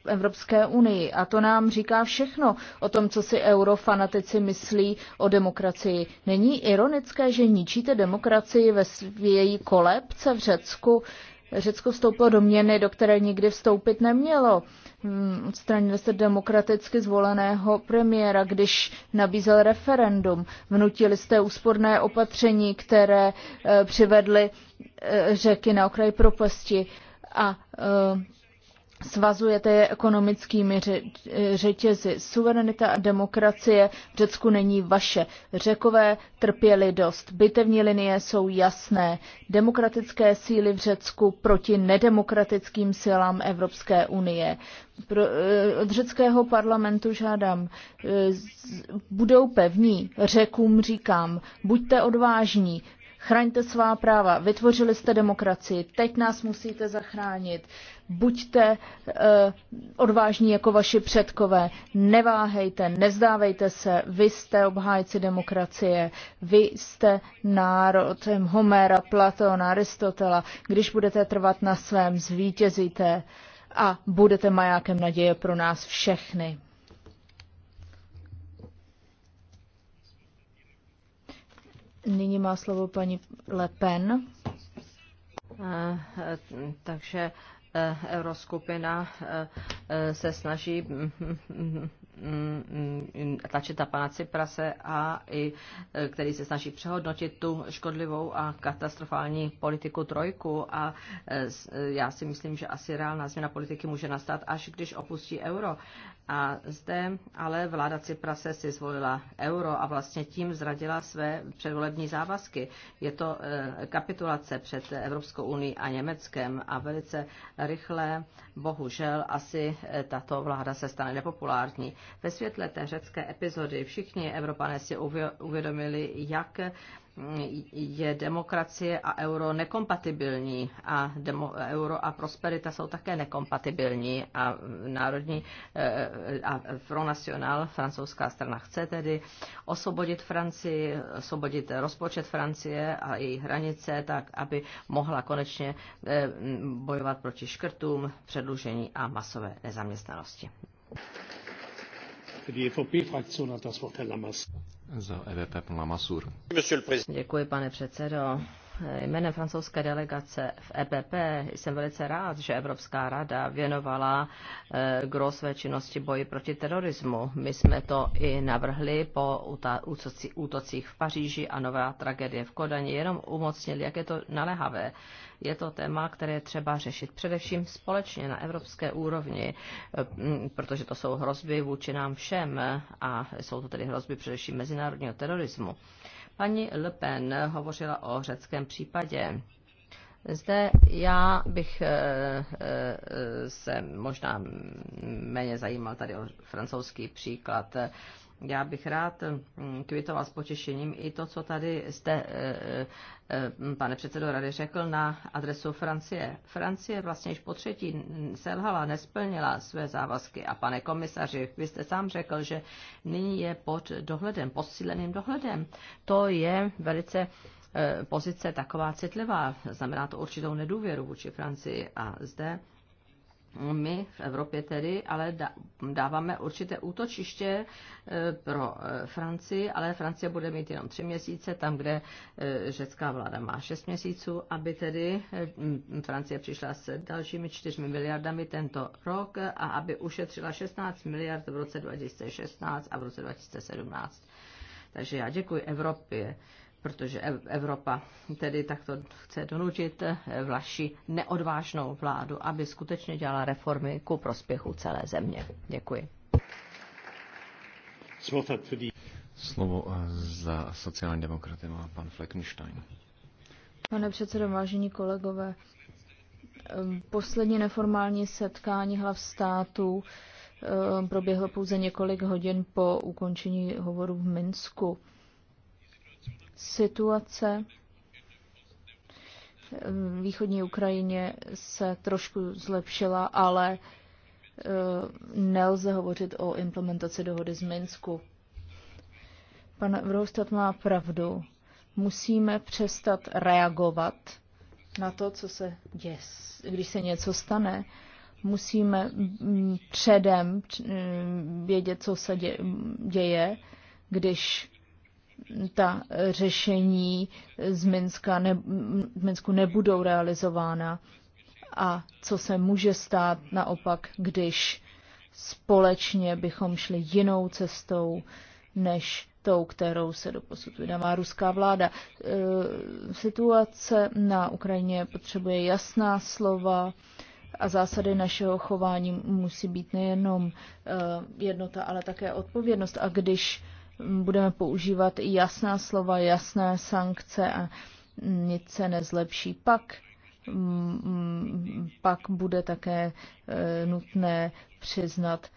Evropské unii. A to nám říká všechno o tom, co si eurofanatici myslí o demokracii. Není ironické, že ničíte demokracii ve její kolebce v Řecku? Řecko vstoupilo do měny, do které nikdy vstoupit nemělo. Hmm, odstranili se demokraticky zvoleného premiéra, když nabízel referendum. Vnutili jste úsporné opatření, které eh, přivedly eh, řeky na okraj propasti a eh, svazujete je ekonomickými řetězy. Suverenita a demokracie v Řecku není vaše. Řekové trpěli dost. Bitevní linie jsou jasné. Demokratické síly v Řecku proti nedemokratickým silám Evropské unie. Pro, eh, od řeckého parlamentu žádám, eh, budou pevní, řekům říkám, buďte odvážní, Chraňte svá práva, vytvořili jste demokracii, teď nás musíte zachránit. Buďte uh, odvážní jako vaši předkové, neváhejte, nezdávejte se, vy jste obhájci demokracie, vy jste národ Homéra, Platona, Aristotela. Když budete trvat na svém, zvítězíte a budete majákem naděje pro nás všechny. Nyní má slovo paní Le Pen. Eh, eh, takže eh, Euroskupina se snaží mm, mm, mm, tlačit na pana Ciprase a i, který se snaží přehodnotit tu škodlivou a katastrofální politiku trojku a já si myslím, že asi reálná změna politiky může nastat, až když opustí euro a zde ale vláda Ciprase si zvolila euro a vlastně tím zradila své předvolební závazky. Je to eh, kapitulace před Evropskou unii a Německem a velice rychle, bohužel, asi eh, tato vláda se stane nepopulární. Ve světle té řecké epizody všichni Evropané si uvědomili, jak je demokracie a euro nekompatibilní a demo, euro a prosperita jsou také nekompatibilní a národní eh, a Front National, francouzská strana, chce tedy osvobodit Francii, osvobodit rozpočet Francie a její hranice, tak aby mohla konečně eh, bojovat proti škrtům, předlužení a masové nezaměstnanosti. E Za e Děkuji, pane předsedo jménem francouzské delegace v EPP jsem velice rád, že Evropská rada věnovala eh, gro své činnosti boji proti terorismu. My jsme to i navrhli po útocích v Paříži a nová tragédie v Kodani, jenom umocnili, jak je to naléhavé. Je to téma, které je třeba řešit především společně na evropské úrovni, eh, protože to jsou hrozby vůči nám všem eh, a jsou to tedy hrozby především mezinárodního terorismu. Paní Le Pen hovořila o řeckém případě. Zde já bych eh, eh, se možná méně zajímal tady o francouzský příklad já bych rád mm, kvitoval s potěšením i to, co tady jste, eh, eh, eh, pane předsedo rady, řekl na adresu Francie. Francie vlastně již po třetí selhala, nesplnila své závazky. A pane komisaři, vy jste sám řekl, že nyní je pod dohledem, posíleným dohledem. To je velice pozice taková citlivá, znamená to určitou nedůvěru vůči Francii. A zde my v Evropě tedy, ale dáváme určité útočiště eh, pro eh, Francii, ale Francie bude mít jenom tři měsíce, tam, kde eh, řecká vláda má šest měsíců, aby tedy Francie přišla s dalšími čtyřmi miliardami tento rok a aby ušetřila 16 miliard v roce 2016 a v roce 2017. Takže já děkuji Evropě protože Evropa tedy takto chce donutit eh, vaši neodvážnou vládu, aby skutečně dělala reformy ku prospěchu celé země. Děkuji. Slovo eh, za sociální demokraty má pan Fleckenstein. Pane předsedo, vážení kolegové, eh, poslední neformální setkání hlav států proběhlo pouze několik hodin po ukončení hovoru v Minsku. Situace v východní Ukrajině se trošku zlepšila, ale e, nelze hovořit o implementaci dohody z Minsku. Pan Vrhoustat má pravdu. Musíme přestat reagovat na to, co se děje, když se něco stane. Musíme předem vědět, co se děje, když ta řešení z Minska ne, v Minsku nebudou realizována a co se může stát naopak, když společně bychom šli jinou cestou než tou, kterou se doposud vydává ruská vláda. E, situace na Ukrajině potřebuje jasná slova a zásady našeho chování musí být nejenom e, jednota, ale také odpovědnost. A když budeme používat jasná slova, jasné sankce a nic se nezlepší. Pak mm, pak bude také e, nutné přiznat,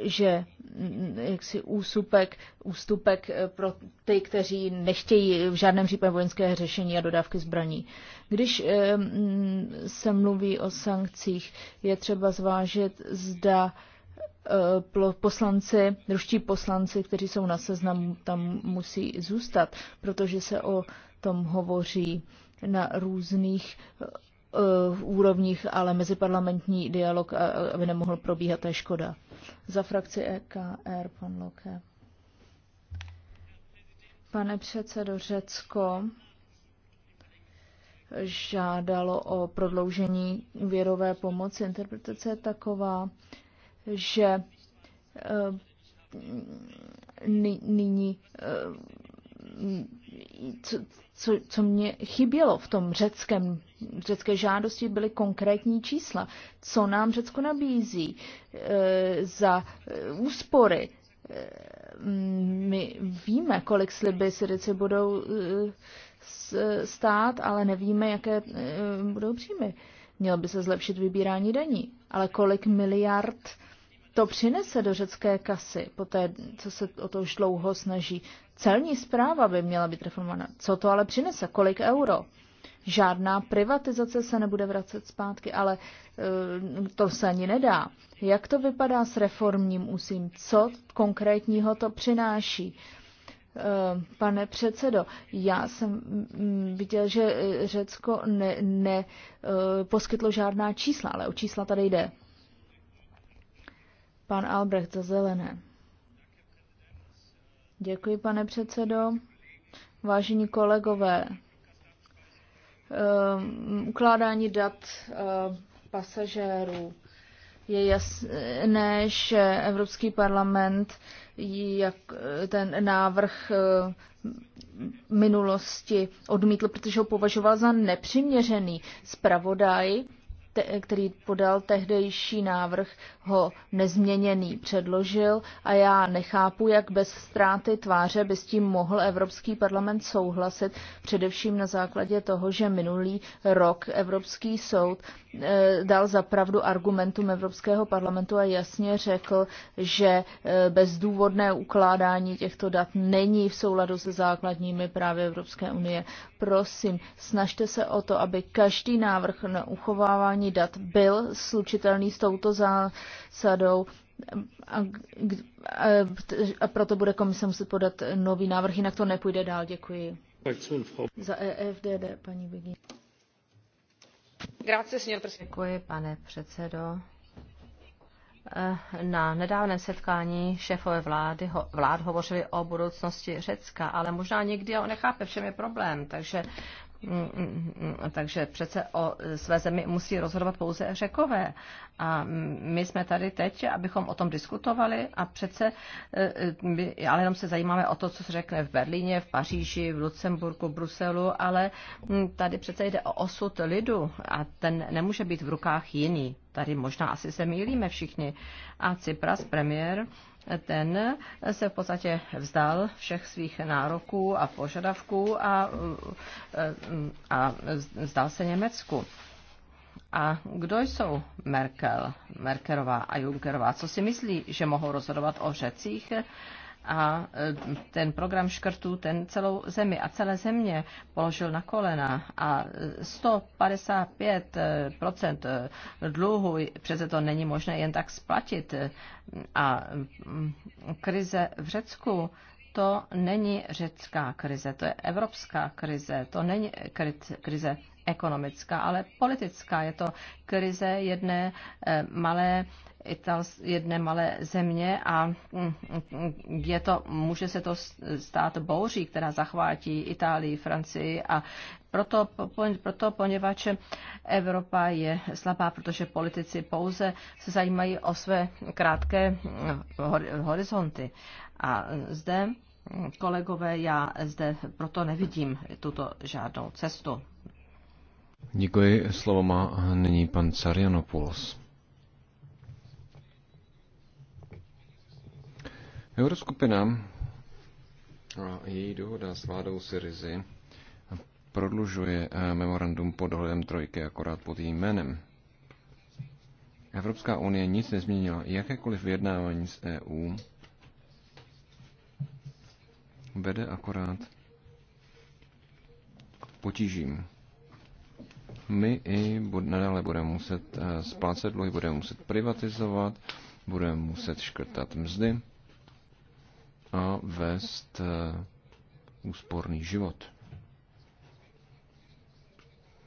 že mm, jaksi úsupek, ústupek e, pro ty, kteří nechtějí v žádném případě vojenské řešení a dodávky zbraní. Když e, mm, se mluví o sankcích, je třeba zvážit, zda Eh, poslanci, ruští poslanci, kteří jsou na seznamu, tam musí zůstat, protože se o tom hovoří na různých uh, úrovních, ale meziparlamentní dialog, eh, aby nemohl probíhat, to je škoda. Za frakci EKR, pan Loke. Pane předsedo, Řecko žádalo o prodloužení věrové pomoci. Interpretace je taková, že eh, nyní, eh, co, co, co mě chybělo v tom řeckém, řecké žádosti, byly konkrétní čísla. Co nám Řecko nabízí eh, za úspory? My víme, kolik sliby Syrici budou stát, ale nevíme, jaké budou příjmy. Mělo by se zlepšit vybírání daní, ale kolik miliard to přinese do řecké kasy, po té, co se o to už dlouho snaží? Celní zpráva by měla být reformována. Co to ale přinese? Kolik euro? Žádná privatizace se nebude vracet zpátky, ale eh, to se ani nedá. Jak to vypadá s reformním úsím? Co konkrétního to přináší? Eh, pane předsedo, já jsem mm, viděl, že eh, Řecko ne, ne poskytlo žádná čísla, ale o čísla tady jde. Pan Albrecht za zelené. Děkuji, pane předsedo. Vážení kolegové, um, ukládání dat uh, pasažérů. Je jasné, že Evropský parlament jak eh, ten návrh ehm, minulosti odmítl, protože ho považoval za nepřiměřený. Spravodaj te, který podal tehdejší návrh, ho nezměněný předložil a já nechápu, jak bez ztráty tváře by s tím mohl Evropský parlament souhlasit, především na základě toho, že minulý rok Evropský soud eh, dal dal zapravdu argumentům Evropského parlamentu a jasně řekl, že eh, bezdůvodné ukládání těchto dat není v souladu se základními právy Evropské unie prosím, snažte se o to, aby každý návrh na uchovávání dat byl slučitelný s touto zásadou a, a, a proto bude komise muset podat nový návrh, jinak to nepůjde dál. Děkuji. Za EFDD, paní Vigí. Děkuji, pane předsedo. Eh, na nedávném setkání šéfové vlády, ho, vlád hovořili o budoucnosti Řecka, ale možná někdy on nechápe, v čem je problém, takže mm, mm, takže přece o své zemi musí rozhodovat pouze řekové. A my jsme tady teď, abychom o tom diskutovali a přece, eh, my, ale jenom se zajímáme o to, co se řekne v Berlíně, v Paříži, v Lucemburku, v Bruselu, ale mm, tady přece jde o osud lidu a ten nemůže být v rukách jiný tady možná asi se mýlíme všichni. A Cypras, premiér, ten se v podstatě vzdal všech svých nároků a požadavků a, a vzdal se Německu. A kdo jsou Merkel, Merkerová a Junckerová? Co si myslí, že mohou rozhodovat o řecích? a e, ten program škrtů ten celou zemi a celé země položil na kolena a 155 e, e, dluhu přece to není možné jen tak splatit a mm, krize v Řecku to není řecká krize, to je evropská krize, to není krize ekonomická, ale politická. Je to krize jedné eh, malé jedné malé země a mm, je to, může se to stát bouří, která zachvátí Itálii, Francii a proto, proto, poněvadž Evropa je slabá, protože politici pouze se zajímají o své krátké hm, horizonty. A zde, hm, kolegové, já zde proto nevidím tuto žádnou cestu Děkuji. Slovo má nyní pan Carianopoulos. Euroskupina a její dohoda s vládou Syrizy prodlužuje eh, memorandum pod dohledem trojky akorát pod jejím jménem. Evropská unie nic nezměnila. Jakékoliv vyjednávání s EU vede akorát potížím my i nadále budeme muset eh, splácet dluhy, budeme muset privatizovat, budeme muset škrtat mzdy a vést eh, úsporný život.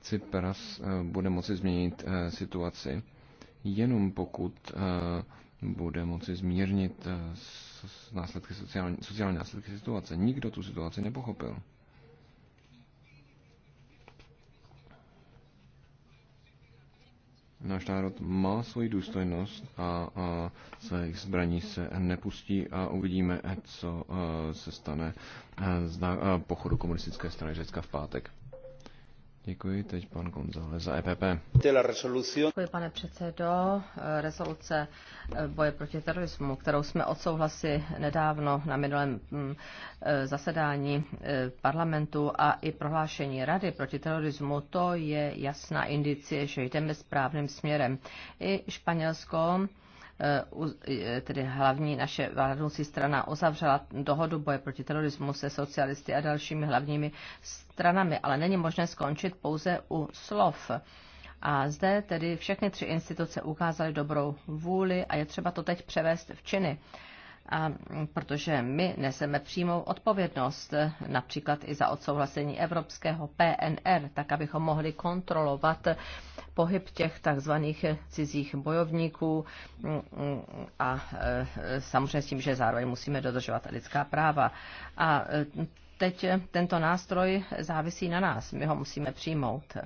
Cypras eh, bude moci změnit situaci jenom pokud bude moci zmírnit následky sociální, sociální následky situace. Nikdo tu situaci nepochopil. náš národ má svoji důstojnost a, a svých zbraní se nepustí a uvidíme, co eh, se stane eh, z eh, pochodu komunistické strany Řecka v pátek. Děkuji, teď pan González za EPP. Děkuji, pane předsedo. Rezoluce eh, boje proti terorismu, kterou jsme odsouhlasili nedávno na minulém mm, eh, zasedání eh, parlamentu a i prohlášení Rady proti terorismu, to je jasná indicie, že jdeme správným směrem. I Španělsko Eh, eh, tedy hlavní naše vládnoucí strana uzavřela dohodu boje proti terorismu se socialisty a dalšími hlavními stranami, ale není možné skončit pouze u slov. A zde tedy všechny tři instituce ukázaly dobrou vůli a je třeba to teď převést v činy a mm, protože my neseme přímou odpovědnost například i za odsouhlasení evropského PNR, tak abychom mohli kontrolovat pohyb těch takzvaných cizích bojovníků mm, mm, a e, samozřejmě s tím, že zároveň musíme dodržovat lidská práva. A e, teď tento nástroj závisí na nás, my ho musíme přijmout.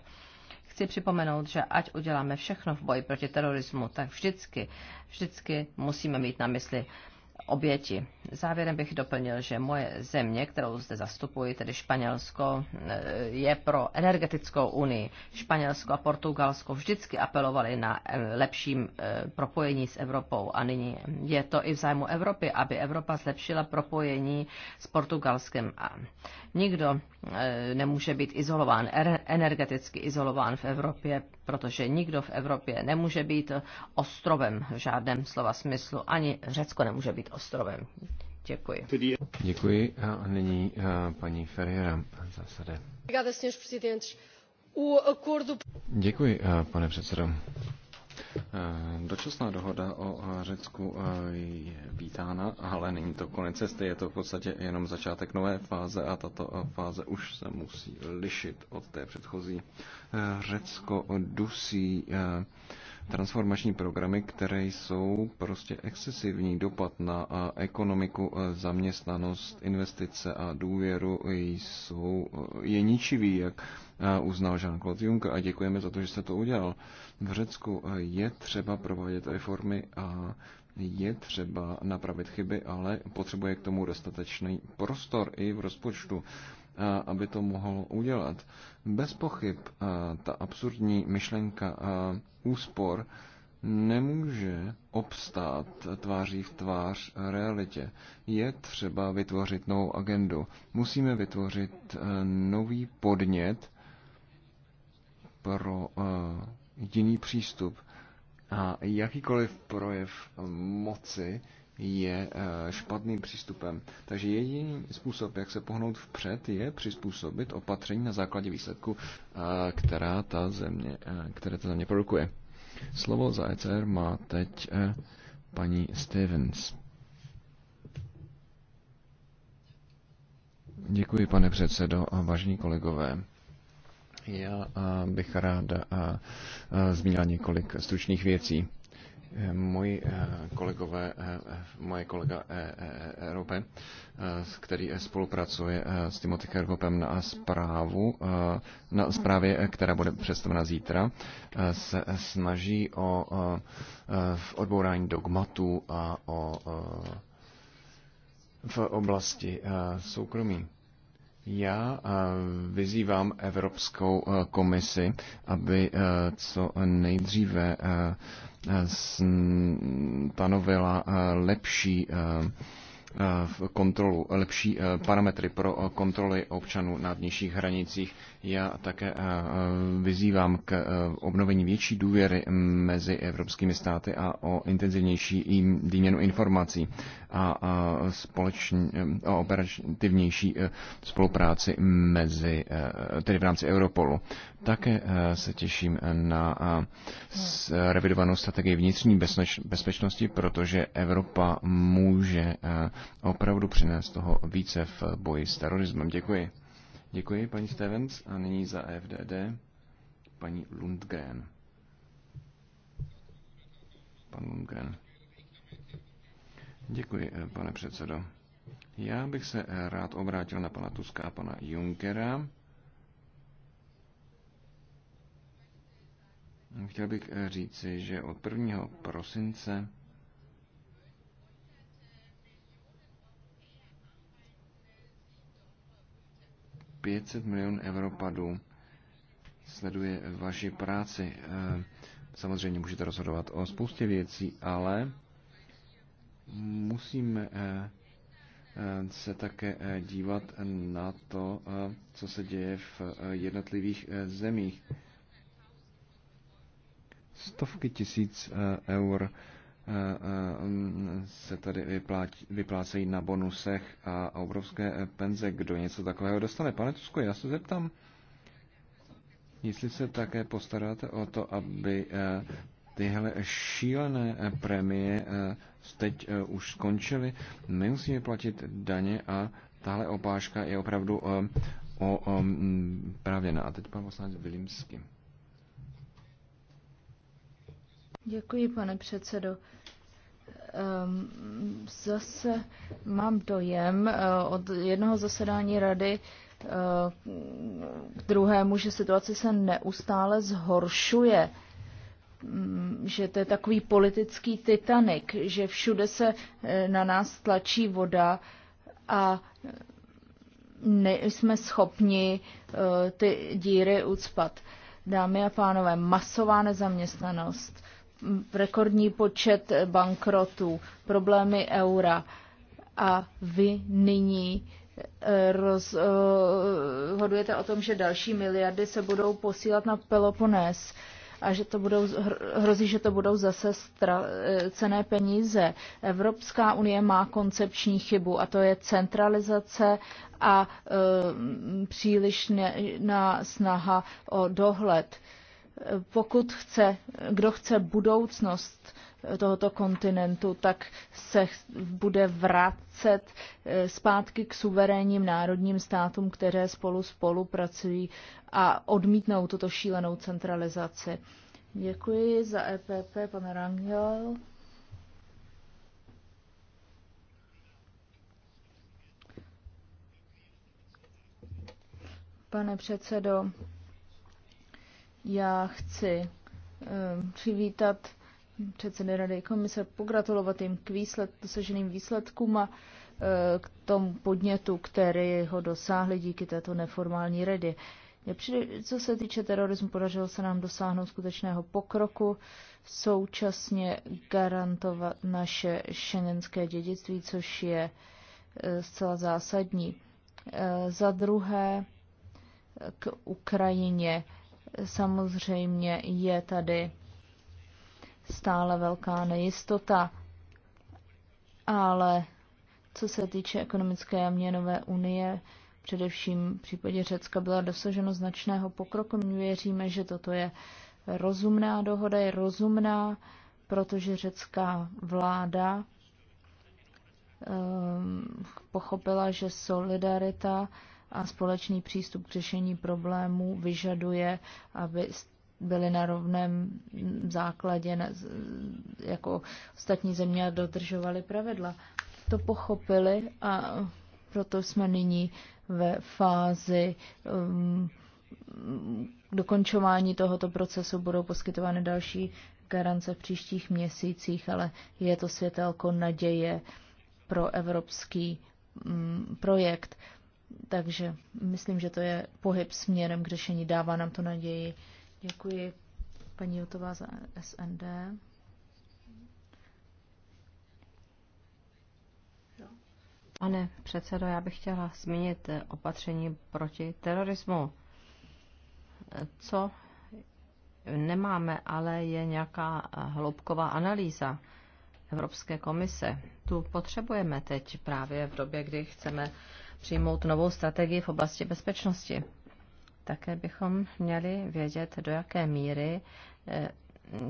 Chci připomenout, že ať uděláme všechno v boji proti terorismu, tak vždycky, vždycky musíme mít na mysli oběti. Závěrem bych doplnil, že moje země, kterou zde zastupuji, tedy Španělsko, eh, je pro energetickou unii. Španělsko a Portugalsko vždycky apelovali na eh, lepším eh, propojení s Evropou a nyní je to i v zájmu Evropy, aby Evropa zlepšila propojení s Portugalskem. A nikdo nemůže být izolován, er, energeticky izolován v Evropě, protože nikdo v Evropě nemůže být ostrovem v žádném slova smyslu, ani Řecko nemůže být ostrovem. Děkuji. Děkuji a nyní a paní Ferreira zásade. Děkuji, pane předsedo. Eh, dočasná dohoda o eh, Řecku eh, je vítána, ale není to konec cesty, je to v podstatě jenom začátek nové fáze a tato fáze už se musí lišit od té předchozí. Řecko dusí transformační programy, které jsou prostě excesivní dopad na ekonomiku, zaměstnanost, investice a důvěru jsou, e, je ničivý, jak uznal Jean-Claude Juncker a děkujeme za to, že jste to udělal. V Řecku e, je třeba provádět reformy a je třeba napravit chyby, ale potřebuje k tomu dostatečný prostor i v rozpočtu aby to mohl udělat. Bez pochyb ta absurdní myšlenka úspor nemůže obstát tváří v tvář realitě. Je třeba vytvořit novou agendu. Musíme vytvořit e, nový podnět pro e, jiný přístup. A jakýkoliv projev moci je eh, špatným přístupem. Takže jediný způsob, jak se pohnout vpřed, je přizpůsobit opatření na základě výsledku, eh, která ta země, eh, které ta země produkuje. Slovo za ECR má teď paní Stevens. Děkuji, pane předsedo a vážení kolegové. Já bych ráda zmínila několik stručných věcí. Moji eh, kolegové, eh, moje kolega eh, Rope, který spolupracuje s Timothy Kerkopem na zprávu, na zprávě, která bude představena zítra, se snaží o odbourání dogmatů a o v oblasti soukromí. Já eh, vyzývám Evropskou eh, komisi, aby eh, co nejdříve stanovila lepší kontrolu, lepší parametry pro kontroly občanů na vnějších hranicích. Já také eh, eh, vyzývám k eh, obnovení větší důvěry mezi evropskými státy a o intenzivnější výměnu informací a společně, o operativnější spolupráci mezi, tedy v rámci Europolu. Také se těším na revidovanou strategii vnitřní bezpečnosti, protože Evropa může opravdu přinést toho více v boji s terorismem. Děkuji. Děkuji, paní Stevens. A nyní za FDD paní Lundgren. Pan Lundgren. Děkuji, eh, pane předsedo. Já bych se eh, rád obrátil na pana Tuska a pana Junkera. Chtěl bych eh, říci, že od 1. prosince 500 milionů Evropadů sleduje vaši práci. Eh, samozřejmě můžete rozhodovat o spoustě věcí, ale musíme eh, eh, se také dívat na to, co se děje v jednotlivých zemích. Stovky tisíc eur Eh, eh, se tady vyplátí, vyplácejí na bonusech a obrovské eh, penze. Kdo něco takového dostane? Pane Tusko, já se zeptám, jestli se také postaráte o to, aby tyhle šílené prémie teď už skončily. My musíme platit daně a tahle opáška je opravdu o, o právě na. A teď pan poslanec Vilimsky. Děkuji, pane předsedo. Ehm, zase mám dojem eh, od jednoho zasedání rady eh, k druhému, že situace se neustále zhoršuje mm, že to je takový politický titanik, že všude se eh, na nás tlačí voda a nejsme schopni ty díry ucpat. Dámy a pánové, masová nezaměstnanost, rekordní počet bankrotů, problémy eura a vy nyní eh, rozhodujete eh, o tom, že další miliardy se budou posílat na Peloponés a že to budou, hrozí, že to budou zase stra, eh, cené peníze. Evropská unie má koncepční chybu a to je centralizace a e, přílišná snaha o dohled. E, pokud chce, kdo chce budoucnost tohoto kontinentu, tak se bude vracet eh, zpátky k suverénním národním státům, které spolu spolupracují a odmítnou tuto šílenou centralizaci. Děkuji za EPP, pane Rangel. Pane předsedo, já chci ehm, přivítat předsedy Rady komise, pogratulovat jim k výsled, dosaženým výsledkům a eh, k tomu podnětu, který ho dosáhli díky této neformální radě. Co se týče terorismu, podařilo se nám dosáhnout skutečného pokroku, současně garantovat naše šengenské dědictví, což je eh, zcela zásadní. Eh, za druhé, k Ukrajině Samozřejmě je tady stále velká nejistota, ale co se týče ekonomické a měnové unie, především v případě Řecka byla dosaženo značného pokroku. My věříme, že toto je rozumná dohoda, je rozumná, protože řecká vláda ehm, pochopila, že solidarita a společný přístup k řešení problémů vyžaduje, aby byly na rovném základě jako ostatní země a dodržovaly pravidla. To pochopili a proto jsme nyní ve fázi um, dokončování tohoto procesu budou poskytovány další garance v příštích měsících, ale je to světelko naděje pro evropský um, projekt. Takže myslím, že to je pohyb směrem k řešení. Dává nám to naději. Děkuji paní Jotová za SND. Pane předsedo, já bych chtěla zmínit opatření proti terorismu. Co nemáme, ale je nějaká hloubková analýza Evropské komise. Tu potřebujeme teď právě v době, kdy chceme přijmout novou strategii v oblasti bezpečnosti. Také bychom měli vědět, do jaké míry eh,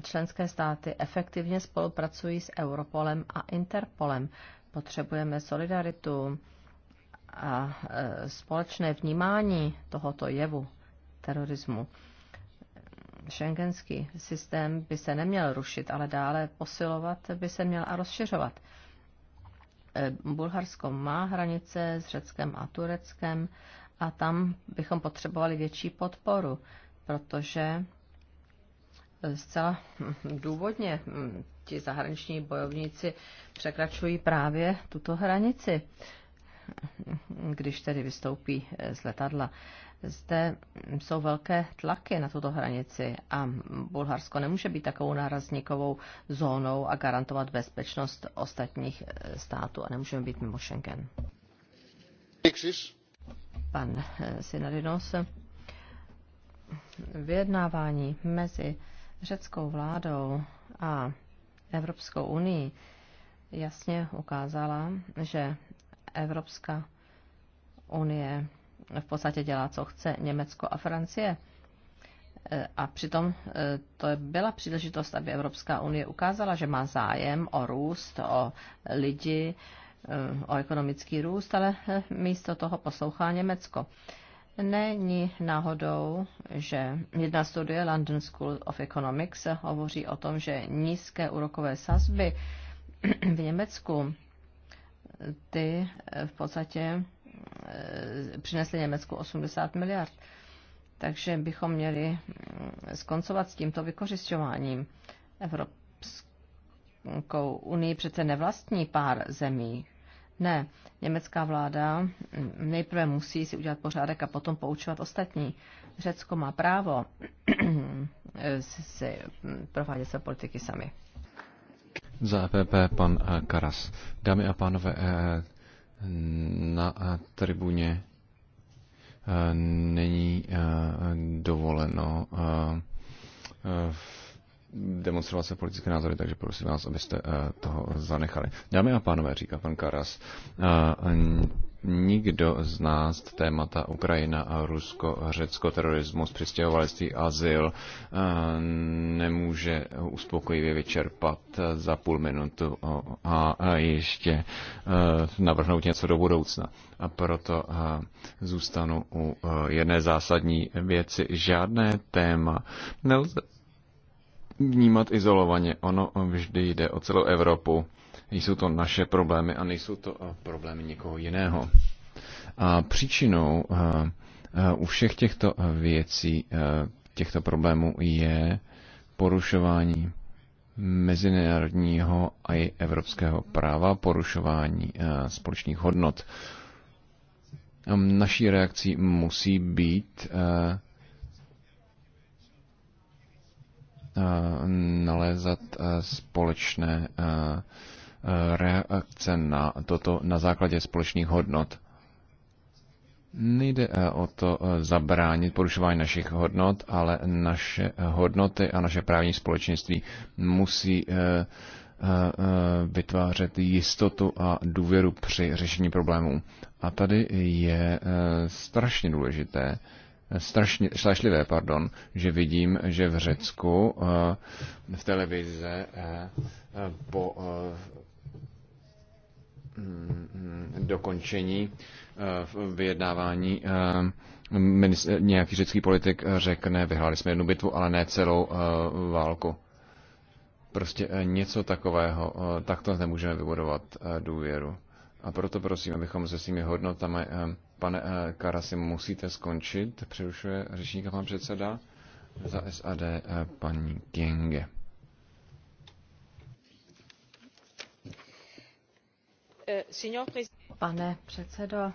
členské státy efektivně spolupracují s Europolem a Interpolem. Potřebujeme solidaritu a eh, společné vnímání tohoto jevu terorismu. Schengenský systém by se neměl rušit, ale dále posilovat by se měl a rozšiřovat. Eh, Bulharsko má hranice s Řeckem a Tureckem a tam bychom potřebovali větší podporu, protože eh, zcela hm, důvodně hm, ti zahraniční bojovníci překračují právě tuto hranici, když tedy vystoupí eh, z letadla zde jsou velké tlaky na tuto hranici a Bulharsko nemůže být takovou nárazníkovou zónou a garantovat bezpečnost ostatních eh, států a nemůžeme být mimo Schengen. Pan eh, Sinarinos, vyjednávání mezi řeckou vládou a Evropskou unii jasně ukázala, že Evropská unie v podstatě dělá, co chce Německo a Francie. E, a přitom e, to byla příležitost, aby Evropská unie ukázala, že má zájem o růst, o lidi, e, o ekonomický růst, ale místo toho poslouchá Německo. Není náhodou, že jedna studie London School of Economics hovoří o tom, že nízké úrokové sazby v Německu ty v podstatě Eh, přinesly Německu 80 miliard. Takže bychom měli mm, skoncovat s tímto vykořišťováním. Evropskou unii přece nevlastní pár zemí. Ne, německá vláda mm, nejprve musí si udělat pořádek a potom poučovat ostatní. Řecko má právo eh, si mm, provádět své politiky sami. Za EPP pan eh, Karas. Dámy a pánové, na tribuně eh, není eh, dovoleno eh, demonstrovat se politické názory, takže prosím vás, abyste toho zanechali. Dámy a pánové, říká pan Karas, nikdo z nás témata Ukrajina a Rusko, Řecko, terorismus, přistěhovalectví, azyl eh, nemůže uspokojivě vyčerpat za půl minutu a ještě eh, navrhnout něco do budoucna. A proto eh, zůstanu u jedné zásadní věci. Žádné téma nelze vnímat izolovaně. Ono vždy jde o celou Evropu Nejsou to naše problémy a nejsou to eh, problémy někoho jiného. A příčinou eh, eh, u všech těchto věcí, těchto problémů je porušování mezinárodního a i evropského práva, porušování společných hodnot. Naší reakcí musí být nalézat společné reakce na toto na základě společných hodnot. Nejde eh, o to eh, zabránit porušování našich hodnot, ale naše hodnoty a naše právní společenství musí eh, vytvářet jistotu a důvěru při řešení problémů. A tady je strašně důležité, strašně, šlašlivé, pardon, že vidím, že v Řecku v televize po Mm, dokončení eh, v vyjednávání eh, nějaký řecký politik řekne, vyhráli jsme jednu bitvu, ale ne celou eh, válku. Prostě něco takového, takto nemůžeme vybudovat důvěru. A proto prosím, abychom se svými hodnotami, pane Karasi, musíte skončit, přerušuje řečníka pan předseda za SAD paní Kinge. Pane předsedo,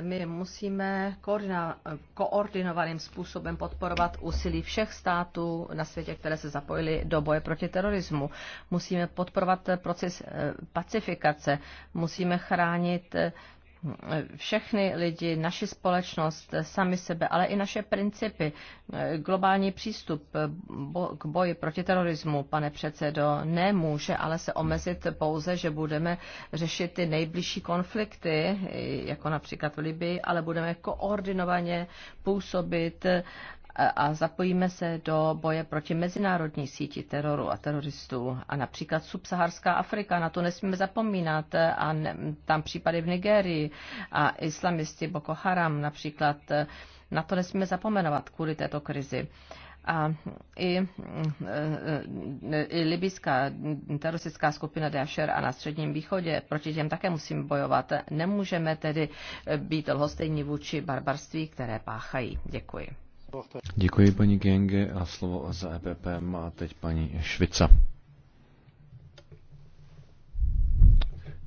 my musíme koordinovaným způsobem podporovat úsilí všech států na světě, které se zapojily do boje proti terorismu. Musíme podporovat proces eh, pacifikace, musíme chránit eh, všechny lidi, naši společnost, sami sebe, ale i naše principy, globální přístup k boji proti terorismu, pane předsedo, nemůže ale se omezit pouze, že budeme řešit ty nejbližší konflikty, jako například v Libii, ale budeme koordinovaně působit a zapojíme se do boje proti mezinárodní síti teroru a teroristů. A například subsaharská Afrika, na to nesmíme zapomínat, a ne, tam případy v Nigérii a islamisti Boko Haram například, na to nesmíme zapomenovat kvůli této krizi a i, e, e, i libyská teroristická skupina Dašer a na Středním východě. Proti těm také musíme bojovat. Nemůžeme tedy být lhostejní vůči barbarství, které páchají. Děkuji. Děkuji paní Genge a slovo za EPP má teď paní Švica.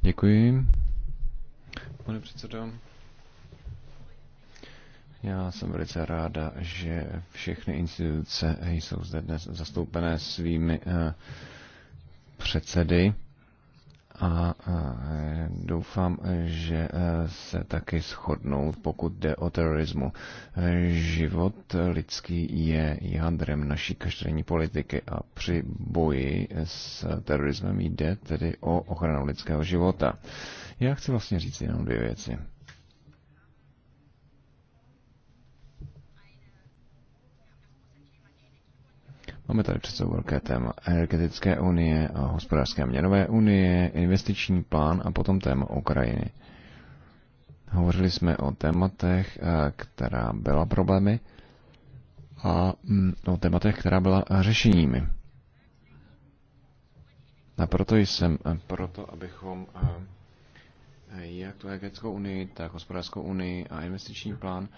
Děkuji. Pane předsedo, já jsem velice ráda, že všechny instituce jsou zde dnes zastoupené svými eh, předsedy a doufám, že e, se taky shodnou, pokud jde o terorismu. E, život lidský je jádrem naší každodenní politiky a při boji s terorismem jde tedy o ochranu lidského života. Já chci vlastně říct jenom dvě věci. Máme tady přece velké téma energetické unie a hospodářské měnové unie, investiční plán a potom téma Ukrajiny. Hovořili jsme o tématech, eh, která byla problémy a mm, o tématech, která byla řešeními. A proto jsem eh, proto, abychom eh, jak tu energetickou unii, tak hospodářskou unii a investiční plán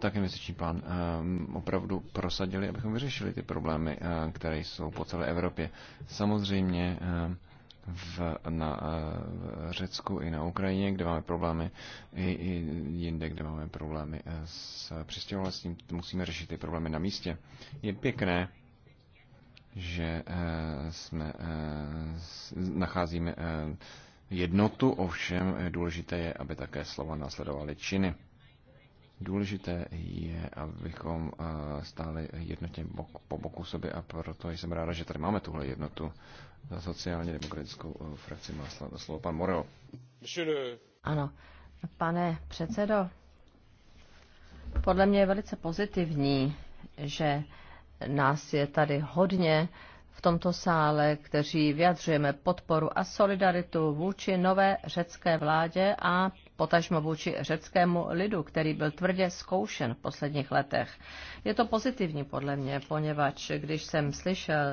tak investiční plán ehm, opravdu prosadili, abychom vyřešili ty problémy, ehm, které jsou po celé Evropě. Samozřejmě ehm, v, na v Řecku i na Ukrajině, kde máme problémy, i, i jinde, kde máme problémy s přistěhovalstvím, musíme řešit ty problémy na místě. Je pěkné, že jsme, nacházíme jednotu, ovšem důležité je, aby také slova následovaly činy. Důležité je, abychom eh, stáli jednotně bok, po boku sobě a proto jsem ráda, že tady máme tuhle jednotu. Za sociálně demokratickou eh, frakci má slovo pan Morel. Ano, pane předsedo, podle mě je velice pozitivní, že nás je tady hodně v tomto sále, kteří vyjadřujeme podporu a solidaritu vůči nové řecké vládě a potažmo vůči řeckému lidu, který byl tvrdě zkoušen v posledních letech. Je to pozitivní podle mě, poněvadž když jsem slyšel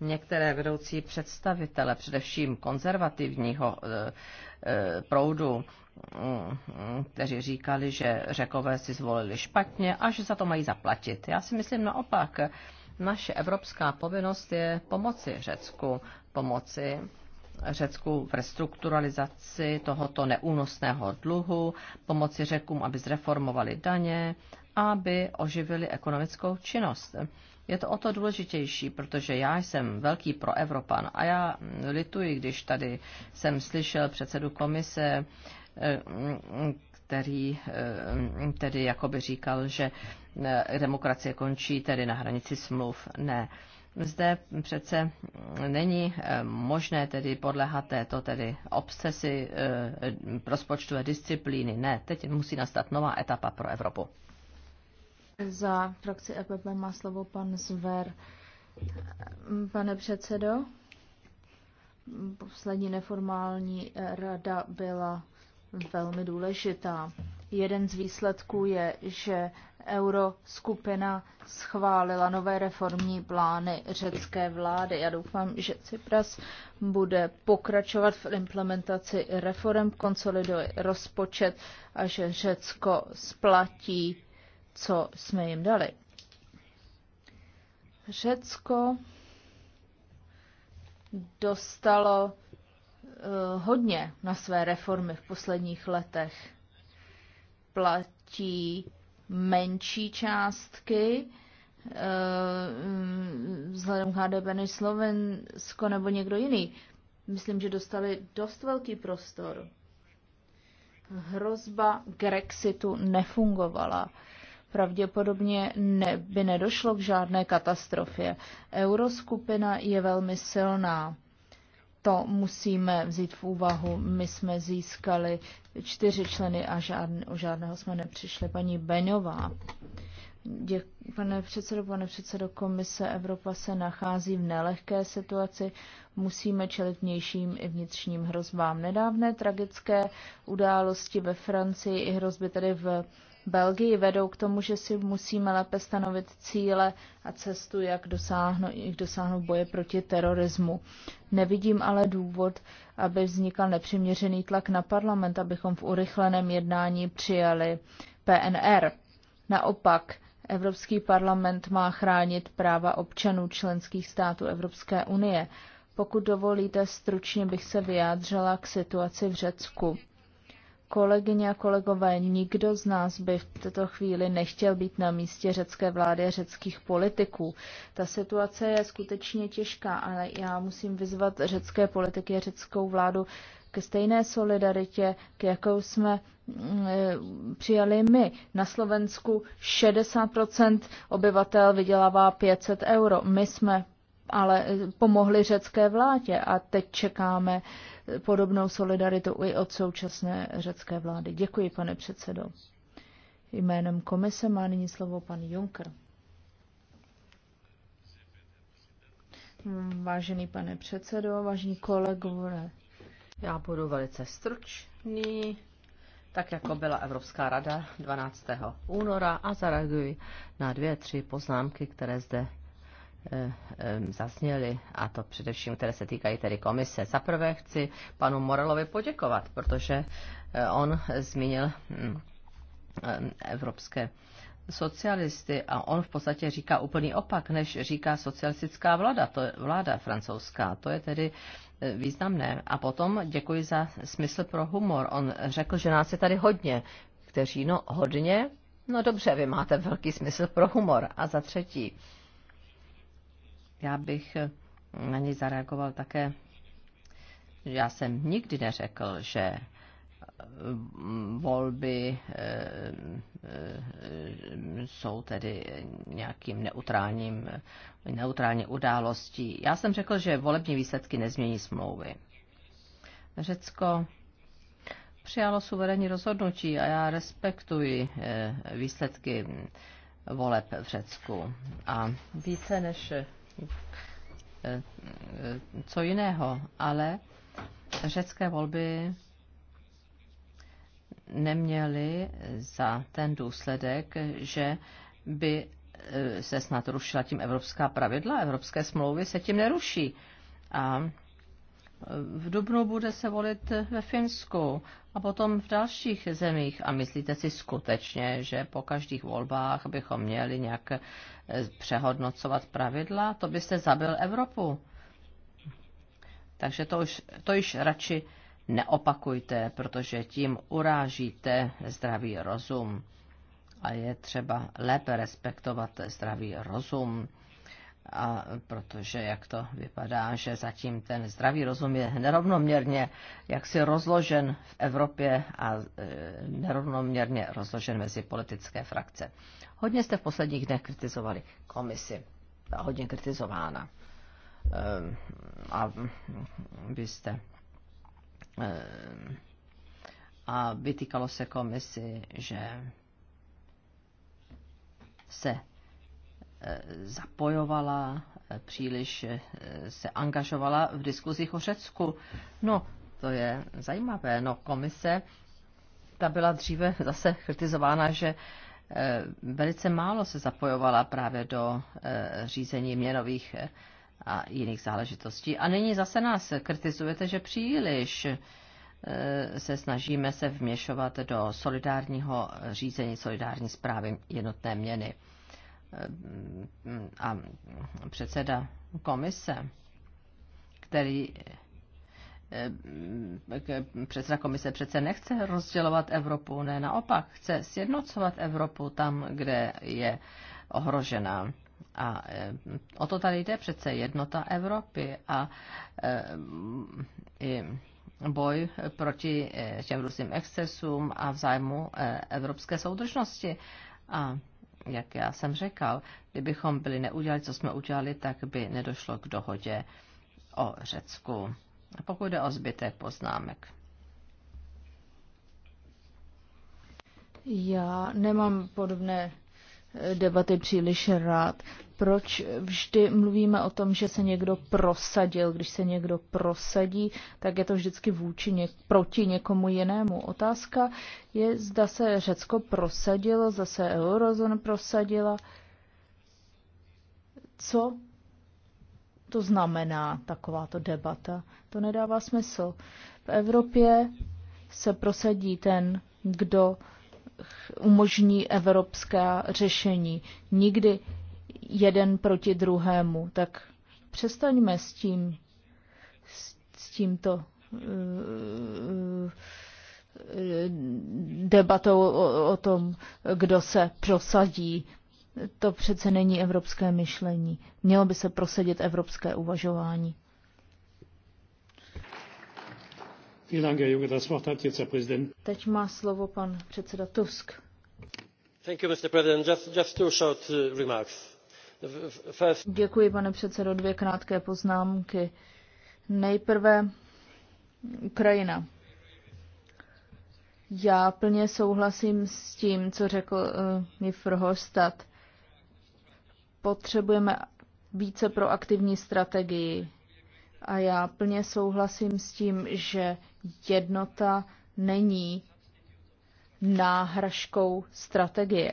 některé vedoucí představitele, především konzervativního eh, eh, proudu, mm, kteří říkali, že řekové si zvolili špatně a že za to mají zaplatit. Já si myslím naopak, naše evropská povinnost je pomoci Řecku, pomoci Řecku v restrukturalizaci tohoto neúnosného dluhu, pomoci Řekům, aby zreformovali daně, aby oživili ekonomickou činnost. Je to o to důležitější, protože já jsem velký proevropan a já lituji, když tady jsem slyšel předsedu komise, který tedy jakoby říkal, že demokracie končí tedy na hranici smluv. Ne zde přece není eh, možné tedy podlehat této tedy obsesy eh, rozpočtové disciplíny. Ne, teď musí nastat nová etapa pro Evropu. Za frakci EPP má slovo pan Zver. Pane předsedo, poslední neformální eh, rada byla velmi důležitá. Jeden z výsledků je, že euroskupina schválila nové reformní plány řecké vlády. Já doufám, že Cypras bude pokračovat v implementaci reform, konsoliduje rozpočet a že Řecko splatí, co jsme jim dali. Řecko dostalo eh, hodně na své reformy v posledních letech platí menší částky eh, vzhledem k HDP než Slovensko nebo někdo jiný. Myslím, že dostali dost velký prostor. Hrozba Grexitu nefungovala. Pravděpodobně ne, by nedošlo k žádné katastrofě. Euroskupina je velmi silná to musíme vzít v úvahu. My jsme získali čtyři členy a žádn, o žádného jsme nepřišli. Paní Beňová. Děk, pane předsedo, pane předsedo komise, Evropa se nachází v nelehké situaci. Musíme čelit vnějším i vnitřním hrozbám. Nedávné tragické události ve Francii i hrozby tedy v Belgii vedou k tomu, že si musíme lépe stanovit cíle a cestu, jak dosáhnout, jak dosáhnout boje proti terorismu. Nevidím ale důvod, aby vznikal nepřiměřený tlak na parlament, abychom v urychleném jednání přijali PNR. Naopak, Evropský parlament má chránit práva občanů členských států Evropské unie. Pokud dovolíte, stručně bych se vyjádřila k situaci v Řecku. Kolegyně a kolegové, nikdo z nás by v této chvíli nechtěl být na místě řecké vlády a řeckých politiků. Ta situace je skutečně těžká, ale já musím vyzvat řecké politiky a řeckou vládu ke stejné solidaritě, k jakou jsme mm, e, přijali my. Na Slovensku 60 obyvatel vydělává 500 euro. My jsme ale e, pomohli řecké vládě a teď čekáme e, podobnou solidaritu i od současné řecké vlády. Děkuji, pane předsedo. Jménem komise má nyní slovo pan Juncker. Vážený pane předsedo, vážení kolegové. Já budu velice stručný, tak jako byla Evropská rada 12. února a zareaguji na dvě, tři poznámky, které zde Eh, eh, zazněly, a to především, které se týkají tedy komise. Za prvé chci panu Morelovi poděkovat, protože eh, on zmínil hm, evropské socialisty a on v podstatě říká úplný opak, než říká socialistická vláda, to je vláda francouzská. To je tedy významné. A potom děkuji za smysl pro humor. On řekl, že nás je tady hodně, kteří, no hodně, no dobře, vy máte velký smysl pro humor. A za třetí, já bych eh, na něj zareagoval také, já jsem nikdy neřekl, že eh, volby eh, jsou tedy nějakým neutrálním, neutrální událostí. Já jsem řekl, že volební výsledky nezmění smlouvy. Řecko přijalo suverénní rozhodnutí a já respektuji výsledky voleb v Řecku. A více než Eh, eh, co jiného, ale řecké volby neměly za ten důsledek, že by eh, se snad rušila tím evropská pravidla. Evropské smlouvy se tím neruší. A v Dubnu bude se volit ve Finsku a potom v dalších zemích. A myslíte si skutečně, že po každých volbách bychom měli nějak eh, přehodnocovat pravidla? To byste zabil Evropu. Takže to, už, to již radši neopakujte, protože tím urážíte zdravý rozum. A je třeba lépe respektovat zdravý rozum a protože jak to vypadá, že zatím ten zdravý rozum je nerovnoměrně jaksi rozložen v Evropě a e, nerovnoměrně rozložen mezi politické frakce. Hodně jste v posledních dnech kritizovali komisi, ta hodně kritizována. Ehm, a vy jste ehm, a vytýkalo se komisi, že se Eh, zapojovala, eh, příliš eh, se angažovala v diskuzích o Řecku. No, to je zajímavé. No, komise, ta byla dříve zase kritizována, že velice málo se zapojovala právě do řízení měnových a jiných záležitostí. A nyní zase nás kritizujete, že příliš se snažíme se vměšovat do solidárního řízení, solidární zprávy jednotné měny a předseda komise, který eh, předseda komise přece nechce rozdělovat Evropu, ne naopak, chce sjednocovat Evropu tam, kde je ohrožená. A eh, o to tady jde přece jednota Evropy a eh, i boj proti těm různým excesům a vzájmu evropské soudržnosti. A jak já jsem řekl, kdybychom byli neudělali, co jsme udělali, tak by nedošlo k dohodě o Řecku. A Pokud jde o zbytek poznámek. Já nemám podobné debaty příliš rád. Proč vždy mluvíme o tom, že se někdo prosadil? Když se někdo prosadí, tak je to vždycky vůči něk- proti někomu jinému. Otázka je, zda se Řecko prosadilo, zase eurozon prosadila. Co to znamená, takováto debata? To nedává smysl. V Evropě se prosadí ten, kdo umožní evropská řešení. Nikdy jeden proti druhému. Tak přestaňme s tím, s tímto eh, debatou o, o tom, kdo se prosadí. To přece není evropské myšlení. Mělo by se prosadit evropské uvažování. Teď má slovo pan předseda Tusk. Uh, Děkuji, pane předsedo. Dvě krátké poznámky. Nejprve Ukrajina. Já plně souhlasím s tím, co řekl uh, mi Frhostat. Potřebujeme více proaktivní strategii a já plně souhlasím s tím, že jednota není náhražkou strategie.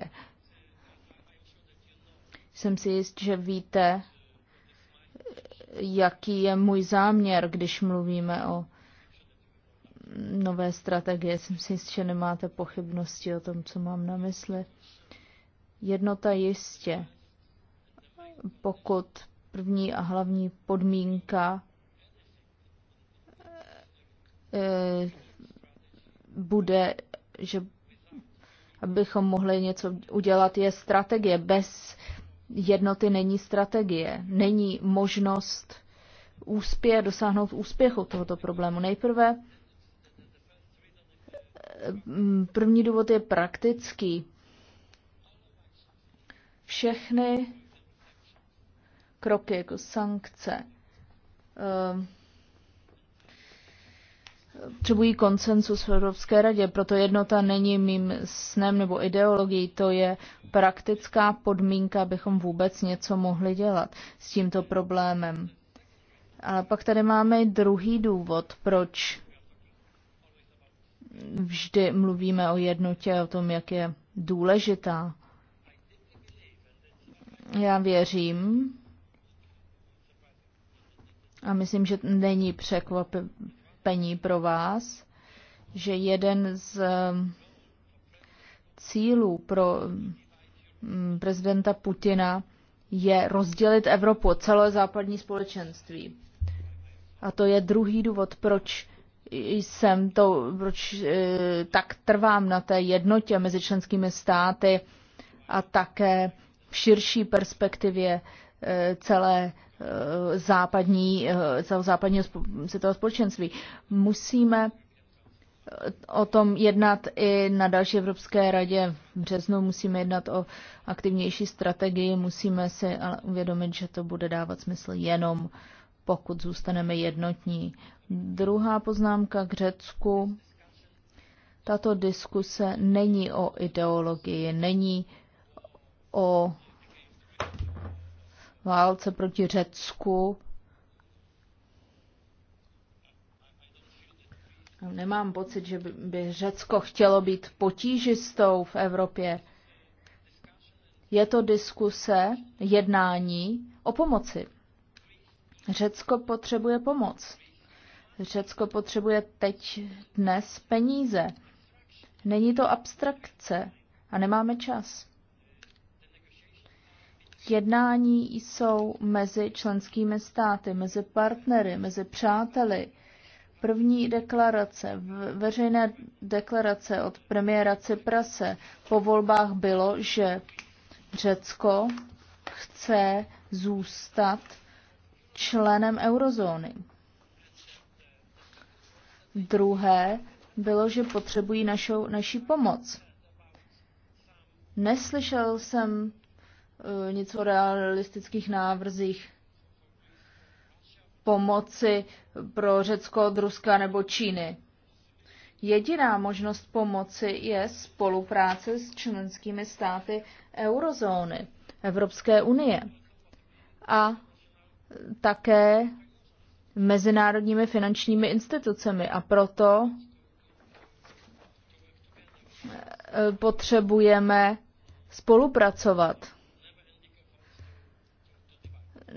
Jsem si jist, že víte, jaký je můj záměr, když mluvíme o nové strategie. Jsem si jist, že nemáte pochybnosti o tom, co mám na mysli. Jednota jistě, pokud první a hlavní podmínka Eh, bude, že abychom mohli něco udělat, je strategie. Bez jednoty není strategie, není možnost úspěch, dosáhnout úspěchu tohoto problému. Nejprve eh, první důvod je praktický. Všechny kroky jako sankce, eh, potřebují koncensus v Evropské radě, proto jednota není mým snem nebo ideologií, to je praktická podmínka, abychom vůbec něco mohli dělat s tímto problémem. Ale pak tady máme i druhý důvod, proč vždy mluvíme o jednotě, o tom, jak je důležitá. Já věřím a myslím, že není překvapivé pochopení pro vás, že jeden z mm, cílů pro mm, prezidenta Putina je rozdělit Evropu, celé západní společenství. A to je druhý důvod, proč jsem to, proč e, tak trvám na té jednotě mezi členskými státy a také v širší perspektivě e, celé Eh, západní, eh, západního světového společenství. Musíme eh, o tom jednat i na další Evropské radě v březnu. Musíme jednat o aktivnější strategii, musíme si ale uvědomit, že to bude dávat smysl jenom pokud zůstaneme jednotní. Druhá poznámka k Řecku. Tato diskuse není o ideologii, není o válce proti Řecku. Nemám pocit, že by Řecko chtělo být potížistou v Evropě. Je to diskuse, jednání o pomoci. Řecko potřebuje pomoc. Řecko potřebuje teď, dnes peníze. Není to abstrakce a nemáme čas jednání jsou mezi členskými státy, mezi partnery, mezi přáteli. První deklarace, veřejné deklarace od premiéra Ciprase po volbách bylo, že Řecko chce zůstat členem eurozóny. Druhé bylo, že potřebují našou, naší pomoc. Neslyšel jsem Eh, nic o realistických návrzích pomoci pro Řecko od Ruska nebo Číny. Jediná možnost pomoci je spolupráce s členskými státy eurozóny, Evropské unie a také mezinárodními finančními institucemi. A proto eh, potřebujeme spolupracovat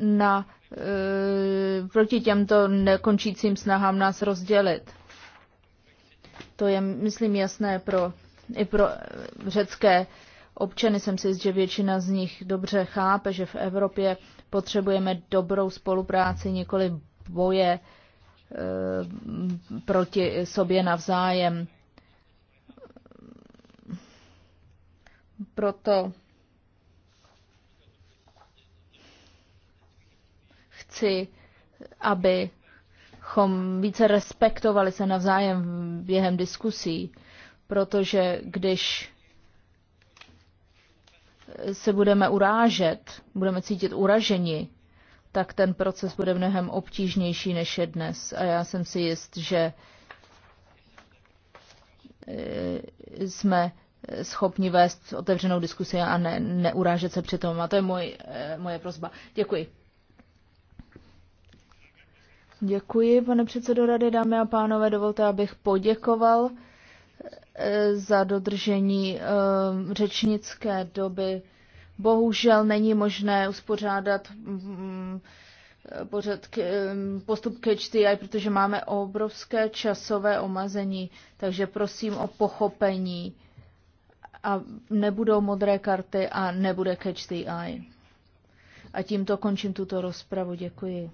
na, e, proti těmto nekončícím snahám nás rozdělit. To je, myslím, jasné pro, i pro eh, řecké občany. Jsem si jist, že většina z nich dobře chápe, že v Evropě potřebujeme dobrou spolupráci, nikoli boje e, proti sobě navzájem. Proto chci, abychom více respektovali se navzájem během diskusí, protože když se budeme urážet, budeme cítit uražení, tak ten proces bude mnohem obtížnější než je dnes. A já jsem si jist, že e, jsme schopni vést otevřenou diskusi a ne, neurážet se přitom. A to je můj, moje e, prozba. Děkuji. Děkuji, pane předsedo rady, dámy a pánové. Dovolte, abych poděkoval eh, za dodržení eh, řečnické doby. Bohužel není možné uspořádat mm, pořad k, mm, postup ke čty, protože máme obrovské časové omazení, takže prosím o pochopení. A nebudou modré karty a nebude catch the eye. A tímto končím tuto rozpravu. Děkuji.